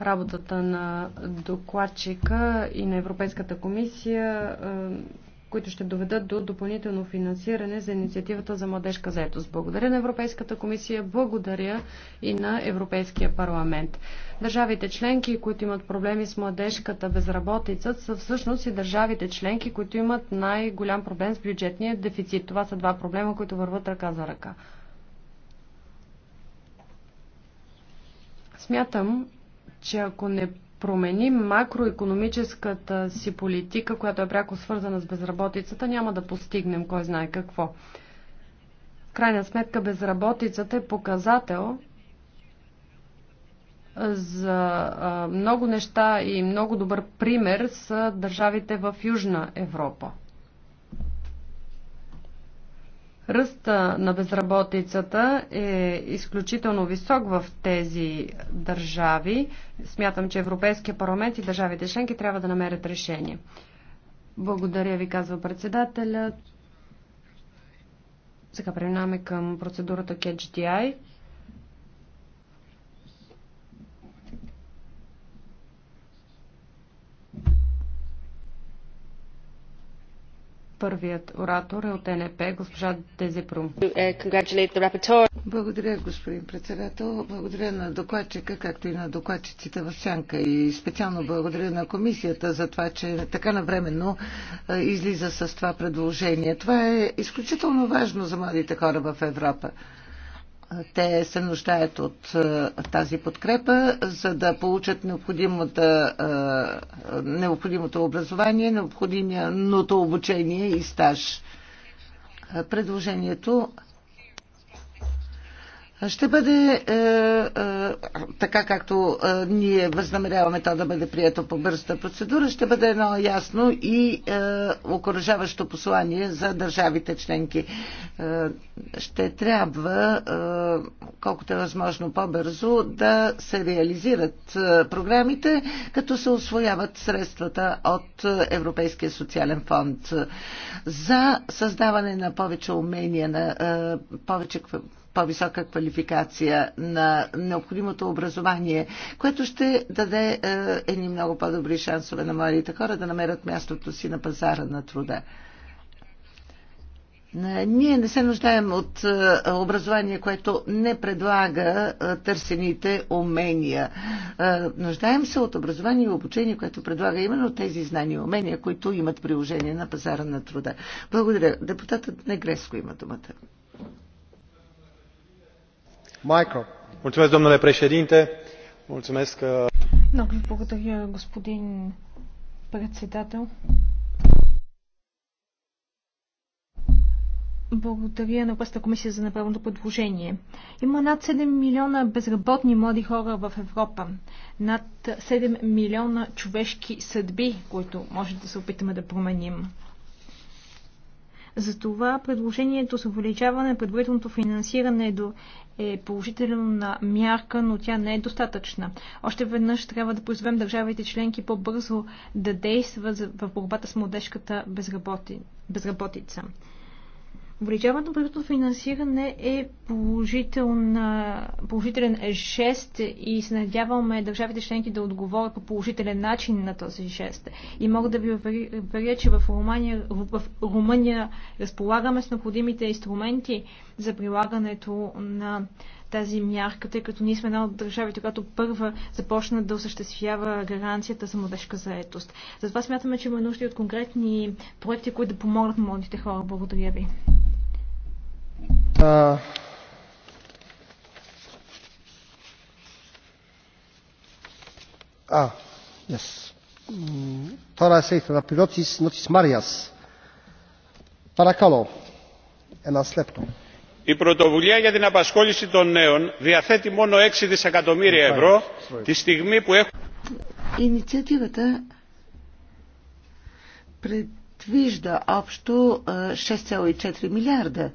работата на докладчика и на Европейската комисия, които ще доведат до допълнително финансиране за инициативата за младежка заетост. Благодаря на Европейската комисия, благодаря и на Европейския парламент. Държавите членки, които имат проблеми с младежката безработица, са всъщност и държавите членки, които имат най-голям проблем с бюджетния дефицит. Това са два проблема, които върват ръка за ръка. Смятам, че ако не променим макроекономическата си политика, която е пряко свързана с безработицата, няма да постигнем кой знае какво. В крайна сметка безработицата е показател за много неща и много добър пример са държавите в Южна Европа. Ръста на безработицата е изключително висок в тези държави. Смятам, че Европейския парламент и държавите членки трябва да намерят решение. Благодаря ви, казва председателят. Сега преминаваме към процедурата КЕДЖДИАЙ. Първият оратор е от НП, госпожа Дезепрум. Uh, благодаря, господин председател. Благодаря на докладчика, както и на докладчиците в Сянка. И специално благодаря на комисията за това, че така навременно uh, излиза с това предложение. Това е изключително важно за младите хора в Европа. Те се нуждаят от е, тази подкрепа, за да получат е, необходимото образование, необходимото обучение и стаж. Е, предложението ще бъде е, е, така както е, ние възнамеряваме то да бъде прието по бързата процедура, ще бъде едно ясно и е, окоръжаващо послание за държавите членки. Е, ще трябва, е, колкото е възможно по-бързо, да се реализират е, програмите, като се освояват средствата от Европейския социален фонд за създаване на повече умения, на е, повече по-висока квалификация, на необходимото образование, което ще даде е, едни много по-добри шансове на младите хора да намерят мястото си на пазара на труда. Е, ние не се нуждаем от е, образование, което не предлага търсените умения. Нуждаем се от образование и обучение, което предлага именно тези знания и умения, които имат приложение на пазара на труда. Благодаря. Депутатът Негреско има думата domnule președinte mulțumesc uh, благодаря господин председател. Благодаря на Европейската комисия за направеното предложение. Има над 7 милиона безработни млади хора в Европа. Над 7 милиона човешки съдби, които може да се опитаме да променим. Затова предложението за увеличаване на предварителното финансиране до е положителна мярка, но тя не е достатъчна. Още веднъж трябва да призовем държавите членки по-бързо да действат в борбата с младежката безработица. Увеличаването на правителството финансиране е положителен жест и се надяваме държавите членки да отговорят по положителен начин на този жест. И мога да ви уверя, че в Румъния, в Румъния разполагаме с необходимите инструменти за прилагането на тази мярка, тъй като ние сме една от държавите, която първа започна да осъществява гаранцията за младежка заетост. Затова смятаме, че има нужда и от конкретни проекти, които да помогнат на младите хора. Благодаря ви. А... Ah, yes. Τώρα на пилотис, πληρώτης Νότης Μάριας. Παρακαλώ, ένα λεπτό η πρωτοβουλία για την απασχόληση των νέων διαθέτει μόνο 6 δισεκατομμύρια ευρώ τη στιγμή που έχουν... Инициативата предвижда общо 6,4 милиарда.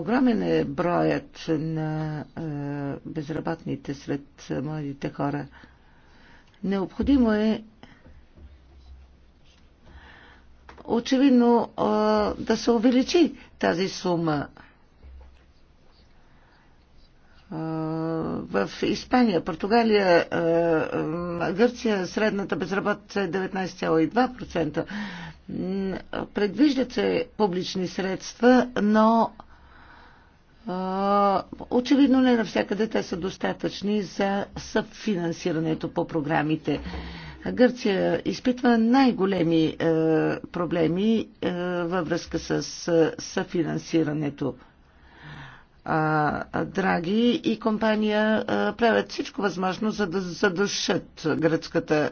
Огромен е броят на безработните сред младите хора. Необходимо е очевидно да се увеличи тази сума. В Испания, Португалия, Гърция средната безработица е 19,2%. Предвиждат се публични средства, но очевидно не навсякъде те са достатъчни за съфинансирането по програмите. Гърция изпитва най-големи проблеми във връзка с съфинансирането Драги и компания правят всичко възможно, за да задушат гръцката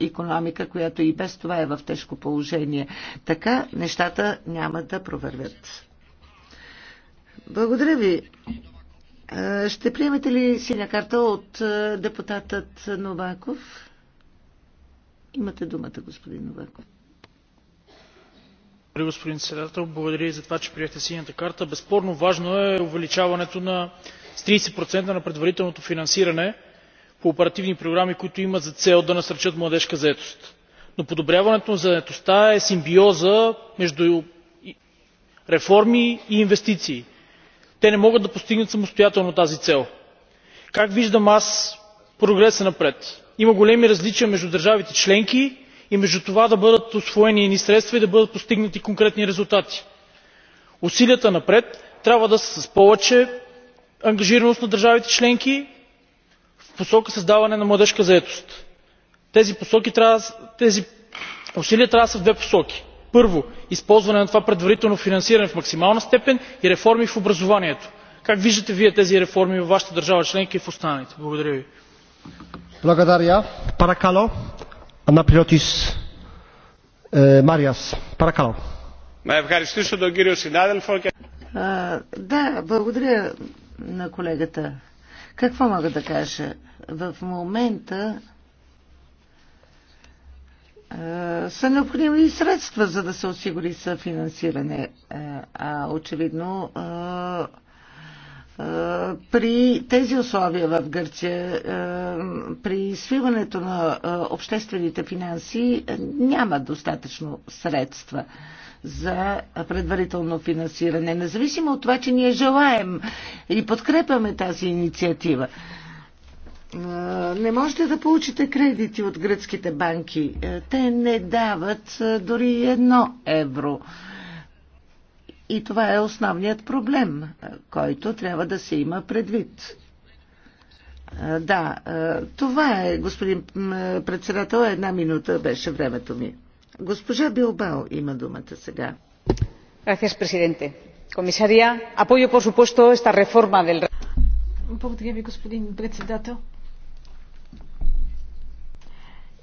економика, която и без това е в тежко положение. Така нещата няма да провървят. Благодаря ви. Ще приемете ли синя карта от е, депутатът Новаков? Имате думата, господин Новаков. Благодаря, господин председател. Благодаря и за това, че приехте синята карта. Безспорно важно е увеличаването на с 30% на предварителното финансиране по оперативни програми, които имат за цел да насърчат младежка заетост. Но подобряването на заетостта е симбиоза между реформи и инвестиции. Те не могат да постигнат самостоятелно тази цел. Как виждам аз прогреса напред? Има големи различия между държавите членки и между това да бъдат усвоени едни средства и да бъдат постигнати конкретни резултати. Усилията напред трябва да са с повече ангажираност на държавите членки в посока създаване на младежка заетост. Тези усилия трябва да са в две посоки. Първо, използване на това предварително финансиране в максимална степен и реформи в образованието. Как виждате Вие тези реформи във Вашата държава членка и в останалите? Благодаря Ви. Αναπληρωτής ε, Μάριας, παρακαλώ. Να ευχαριστήσω τον κύριο συνάδελφο. Και... да, благодаря на колегата. Какво мога да кажа? В момента са необходими средства, за да се осигури съфинансиране. А очевидно при тези условия в Гърция, при свиването на обществените финанси, няма достатъчно средства за предварително финансиране, независимо от това, че ние желаем и подкрепяме тази инициатива. Не можете да получите кредити от гръцките банки. Е, те не дават дори едно евро. И това е основният проблем, който трябва да се има предвид. Да, това е, господин председател, една минута беше времето ми. Госпожа Билбао има думата сега. Gracias, presidente. Комисария, apoyo, por supuesto, esta reforma del... Благодаря ви, господин председател.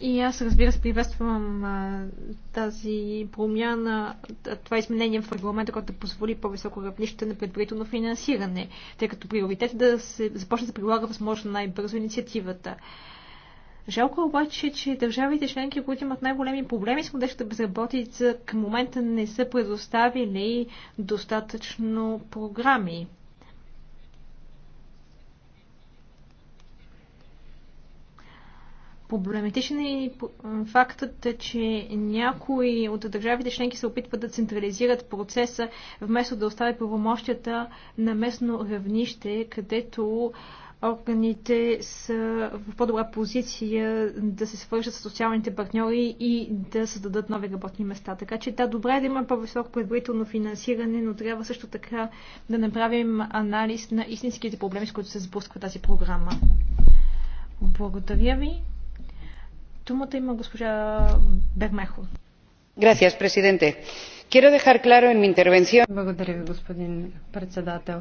И аз, разбира се, приветствам а, тази промяна, това изменение в регламента, което да позволи по-високо равнище на предварително финансиране, тъй като приоритет е да се започне да прилага възможно най-бързо инициативата. Жалко е обаче, че държавите членки, които имат най-големи проблеми с младежката безработица, към момента не са предоставили достатъчно програми. Проблематичен е фактът, че някои от държавите членки се опитват да централизират процеса, вместо да оставят правомощията на местно равнище, където органите са в по-добра позиция да се свържат с социалните партньори и да създадат нови работни места. Така че да, добре е да има по-високо предварително финансиране, но трябва също така да направим анализ на истинските проблеми, с които се сблъсква тази програма. Благодаря ви. Думата има госпожа Бермехо. Gracias, presidente. Quiero dejar claro en mi intervención. Благодаря ви, господин председател.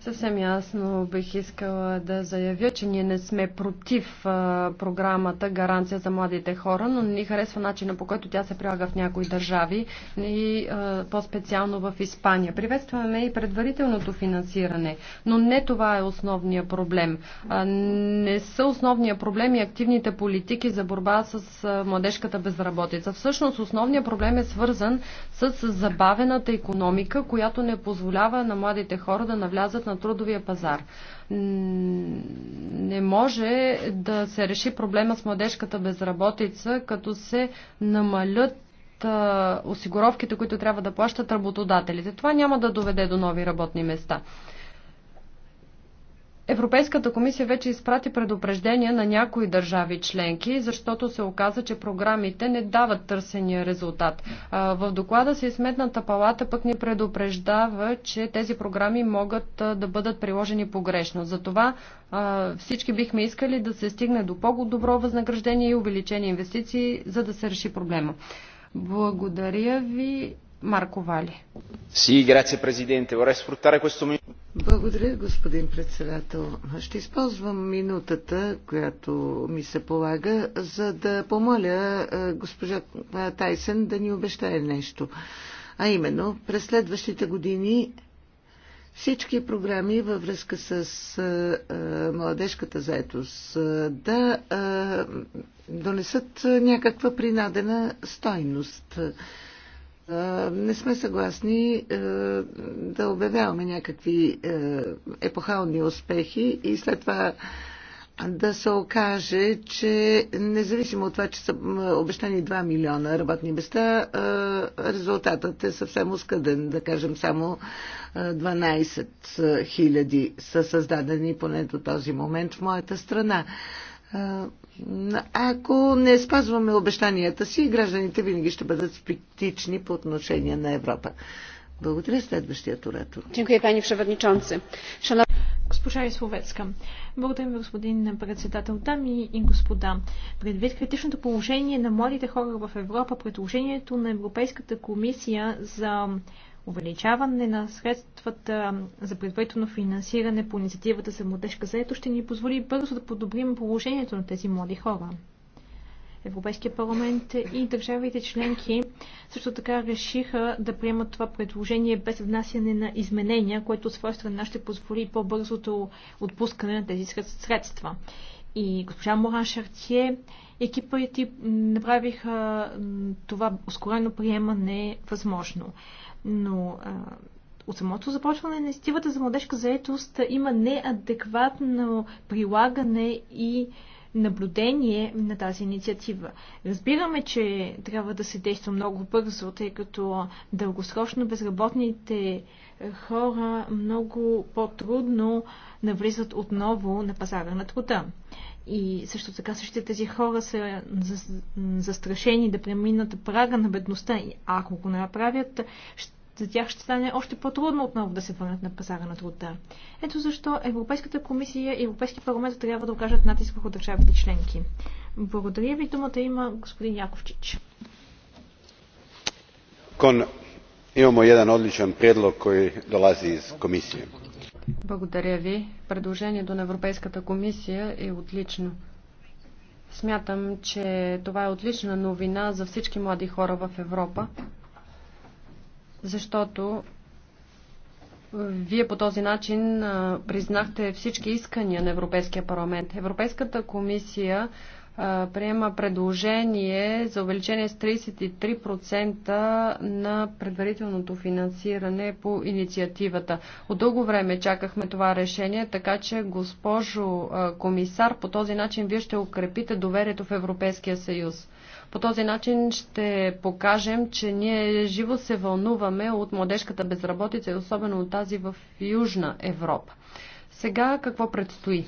Съвсем ясно бих искала да заявя, че ние не сме против а, програмата Гаранция за младите хора, но не ни харесва начина по който тя се прилага в някои държави и по-специално в Испания. Приветстваме и предварителното финансиране, но не това е основният проблем. А, не са основния проблем и активните политики за борба с а, младежката безработица. Всъщност основният проблем е свързан с забавената економика, която не позволява на младите хора да навлязат на трудовия пазар. Не може да се реши проблема с младежката безработица, като се намалят осигуровките, които трябва да плащат работодателите. Това няма да доведе до нови работни места. Европейската комисия вече изпрати предупреждения на някои държави членки, защото се оказа, че програмите не дават търсения резултат. В доклада си, Сметната палата пък ни предупреждава, че тези програми могат да бъдат приложени погрешно. Затова всички бихме искали да се стигне до по-добро възнаграждение и увеличени инвестиции, за да се реши проблема. Благодаря ви. Марко Вали. Благодаря, господин председател. Ще използвам минутата, която ми се полага, за да помоля е, госпожа е, Тайсен да ни обещае нещо. А именно, през следващите години всички програми във връзка с е, младежката заетост да донесат някаква принадена стойност не сме съгласни е, да обявяваме някакви е, епохални успехи и след това да се окаже, че независимо от това, че са обещани 2 милиона работни места, е, резултатът е съвсем ускъден. Да кажем, само 12 хиляди са създадени поне до този момент в моята страна. Ако не спазваме обещанията си, гражданите винаги ще бъдат спектични по отношение на Европа. Благодаря следващия оратор. Дякую, пани Przewodniczący. Госпожа Исловецка, благодаря ви, господин председател. Дами и господа, предвид критичното положение на младите хора в Европа, предложението на Европейската комисия за увеличаване на средствата за предварително финансиране по инициативата за младежка заето ще ни позволи бързо да подобрим положението на тези млади хора. Европейския парламент и държавите членки също така решиха да приемат това предложение без внасяне на изменения, което от своя страна ще позволи по-бързото отпускане на тези средства. И госпожа Моран Шартие, екипа и ти направиха това ускорено приемане възможно но а, от самото започване на инициативата за младежка заетост има неадекватно прилагане и наблюдение на тази инициатива. Разбираме, че трябва да се действа много бързо, тъй като дългосрочно безработните хора много по-трудно навлизат отново на пазара на труда. И също така същите тези хора са застрашени да преминат прага на бедността. И ако го направят, за тях ще стане още по-трудно отново да се върнат на пазара на труда. Ето защо Европейската комисия и Европейски парламент трябва да окажат натиск върху държавите членки. Благодаря ви. Думата има господин Яковчич. Кон имаме един отличен предлог който dolazi из komisije. Благодаря ви. Предложението на Европейската комисия е отлично. Смятам, че това е отлична новина за всички млади хора в Европа, защото вие по този начин признахте всички искания на Европейския парламент. Европейската комисия приема предложение за увеличение с 33% на предварителното финансиране по инициативата. От дълго време чакахме това решение, така че, госпожо комисар, по този начин вие ще укрепите доверието в Европейския съюз. По този начин ще покажем, че ние живо се вълнуваме от младежката безработица и особено от тази в Южна Европа. Сега какво предстои?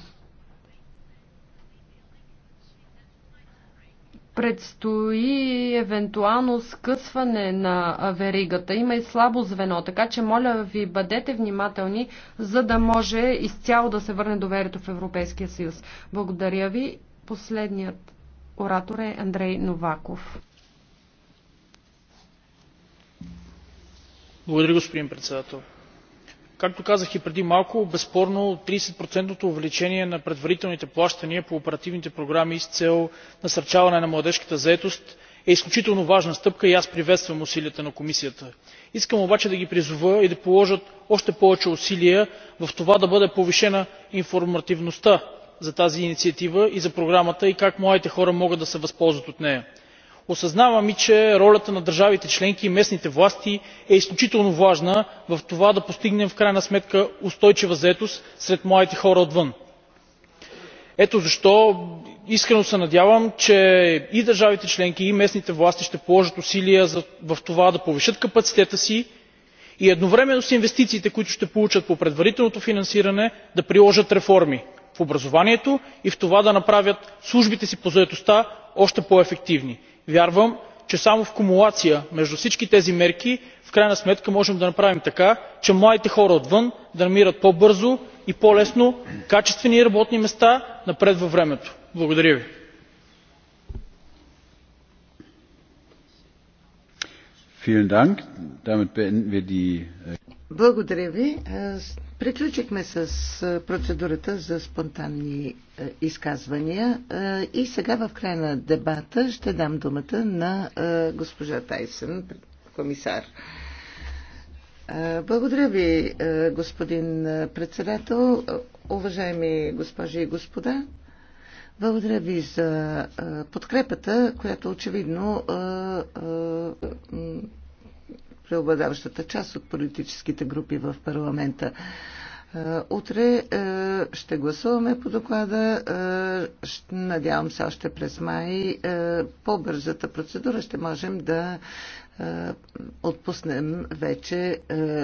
предстои евентуално скъсване на веригата. Има и слабо звено, така че моля ви бъдете внимателни, за да може изцяло да се върне доверието в Европейския съюз. Благодаря ви. Последният оратор е Андрей Новаков. Благодаря, господин председател както казах и преди малко безспорно 30 увеличение на предварителните плащания по оперативните програми с цел насърчаване на младежката заетост е изключително важна стъпка и аз приветствам усилията на комисията. искам обаче да ги призова и да положат още повече усилия в това да бъде повишена информативността за тази инициатива и за програмата и как младите хора могат да се възползват от нея. Осъзнавам и че ролята на държавите членки и местните власти е изключително важна в това да постигнем в крайна сметка устойчива заетост сред младите хора отвън. Ето защо искрено се надявам, че и държавите членки, и местните власти ще положат усилия в това да повишат капацитета си и едновременно с инвестициите, които ще получат по предварителното финансиране, да приложат реформи в образованието и в това да направят службите си по заетостта още по-ефективни вярвам че само в кумулация между всички тези мерки в крайна сметка можем да направим така че младите хора отвън да намират по бързо и по лесно качествени работни места напред във времето. Благодаря ви. Äh, Благодаря ви. Э, Приключихме с процедурата за спонтанни изказвания и сега в края на дебата ще дам думата на госпожа Тайсън, комисар. Благодаря ви, господин председател, уважаеми госпожи и господа. Благодаря ви за подкрепата, която очевидно преобладаващата част от политическите групи в парламента. Е, утре е, ще гласуваме по доклада. Е, надявам се още през май. По бързата процедура ще можем да отпуснем вече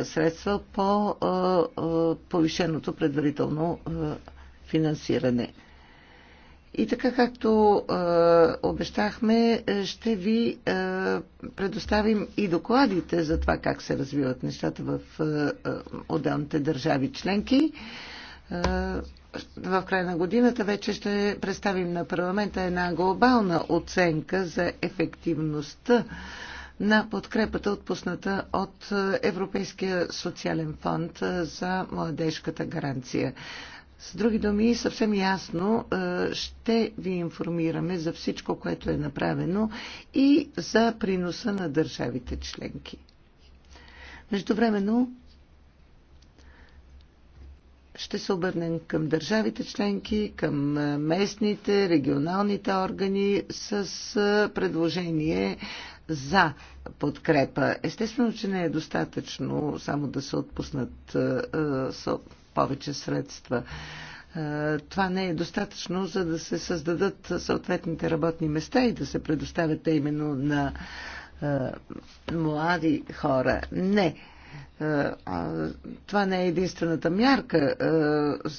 средства по повишеното предварително финансиране. И така както е, обещахме, ще ви е, предоставим и докладите за това как се развиват нещата в е, отделните държави членки. Е, в края на годината вече ще представим на парламента една глобална оценка за ефективността на подкрепата отпусната от Европейския социален фонд за младежката гаранция. С други думи, съвсем ясно е, ще ви информираме за всичко, което е направено и за приноса на държавите членки. Междувременно ще се обърнем към държавите членки, към е, местните, регионалните органи с е, предложение за подкрепа. Естествено, че не е достатъчно само да се отпуснат повече средства. Това не е достатъчно, за да се създадат съответните работни места и да се предоставят те именно на млади хора. Не. Това не е единствената мярка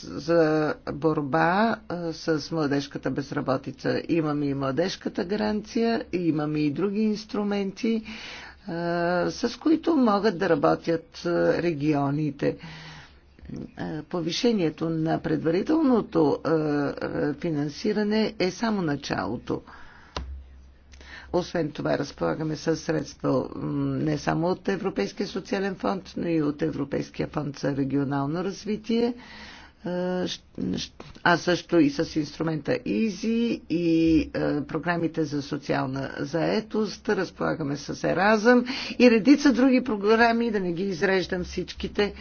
за борба с младежката безработица. Имаме и младежката гаранция, имаме и други инструменти, с които могат да работят регионите. Е, повишението на предварителното е, е, финансиране е само началото. Освен това, разполагаме с средства не само от Европейския социален фонд, но и от Европейския фонд за регионално развитие. Е, а също и с инструмента EASY и е, програмите за социална заетост, разполагаме с Еразъм и редица други програми, да не ги изреждам всичките,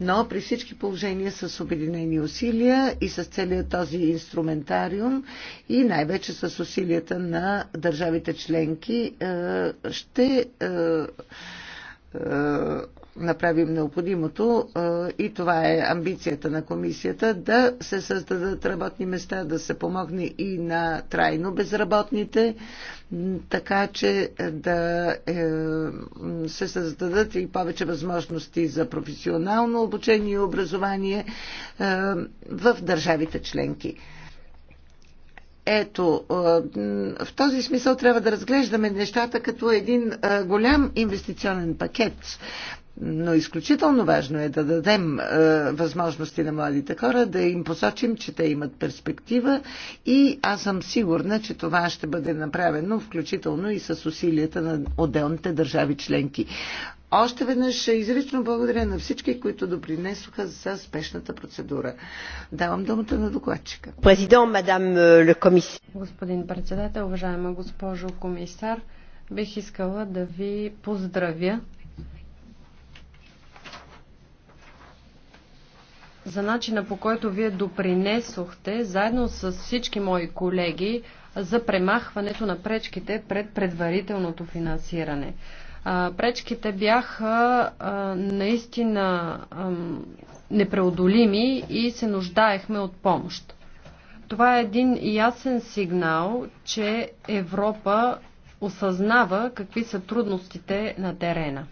но при всички положения с обединени усилия и с целият този инструментариум и най-вече с усилията на държавите членки е, ще направим необходимото и това е амбицията на комисията да се създадат работни места, да се помогне и на трайно безработните, така че да е, се създадат и повече възможности за професионално обучение и образование е, в държавите членки. Ето, в този смисъл трябва да разглеждаме нещата като един голям инвестиционен пакет. Но изключително важно е да дадем е, възможности на младите хора, да им посочим, че те имат перспектива и аз съм сигурна, че това ще бъде направено, включително и с усилията на отделните държави членки. Още веднъж изрично благодаря на всички, които допринесоха за спешната процедура. Давам думата на докладчика. Президент, мадам е, ле комисар. Господин председател, уважаема госпожо комисар, бих искала да ви поздравя за начина по който вие допринесохте, заедно с всички мои колеги, за премахването на пречките пред предварителното финансиране. Пречките бяха наистина непреодолими и се нуждаехме от помощ. Това е един ясен сигнал, че Европа осъзнава какви са трудностите на терена.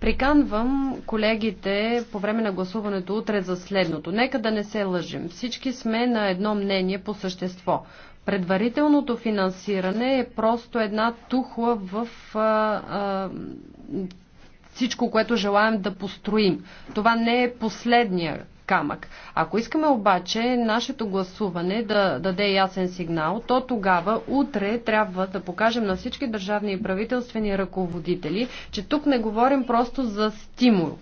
Приканвам колегите по време на гласуването утре за следното. Нека да не се лъжим. Всички сме на едно мнение по същество. Предварителното финансиране е просто една тухла в а, а, всичко, което желаем да построим. Това не е последния камък. Ако искаме обаче нашето гласуване да даде ясен сигнал, то тогава утре трябва да покажем на всички държавни и правителствени ръководители, че тук не говорим просто за стимул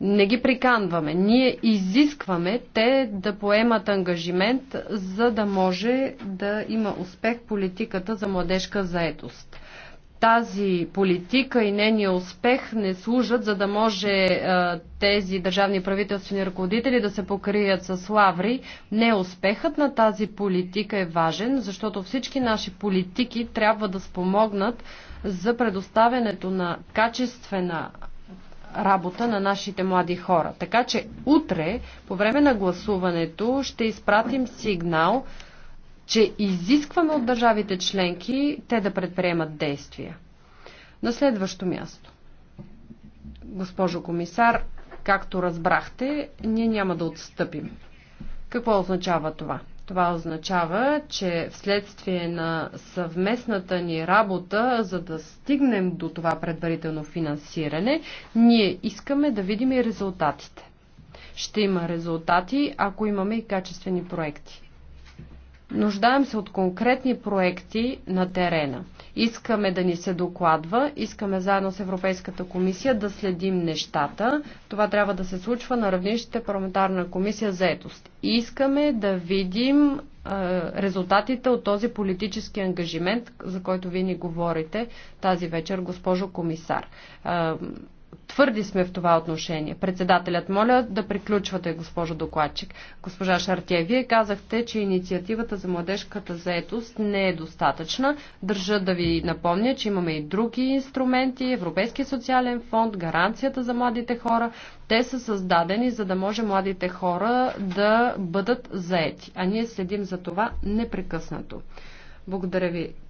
не ги приканваме. Ние изискваме те да поемат ангажимент, за да може да има успех политиката за младежка заетост тази политика и нейния успех не служат, за да може е, тези държавни правителствени ръководители да се покрият с лаври. Не успехът на тази политика е важен, защото всички наши политики трябва да спомогнат за предоставянето на качествена работа на нашите млади хора. Така че утре, по време на гласуването, ще изпратим сигнал че изискваме от държавите членки те да предприемат действия. На следващо място. Госпожо комисар, както разбрахте, ние няма да отстъпим. Какво означава това? Това означава, че вследствие на съвместната ни работа, за да стигнем до това предварително финансиране, ние искаме да видим и резултатите. Ще има резултати, ако имаме и качествени проекти. Нуждаем се от конкретни проекти на терена. Искаме да ни се докладва, искаме заедно с Европейската комисия да следим нещата. Това трябва да се случва на равнищите парламентарна комисия за етост. Искаме да видим резултатите от този политически ангажимент, за който вие ни говорите тази вечер, госпожо комисар. Твърди сме в това отношение. Председателят моля да приключвате, госпожо докладчик. Госпожа Шартия, вие казахте, че инициативата за младежката заетост не е достатъчна. Държа да ви напомня, че имаме и други инструменти, Европейски социален фонд, гаранцията за младите хора. Те са създадени, за да може младите хора да бъдат заети. А ние следим за това непрекъснато. Благодаря ви,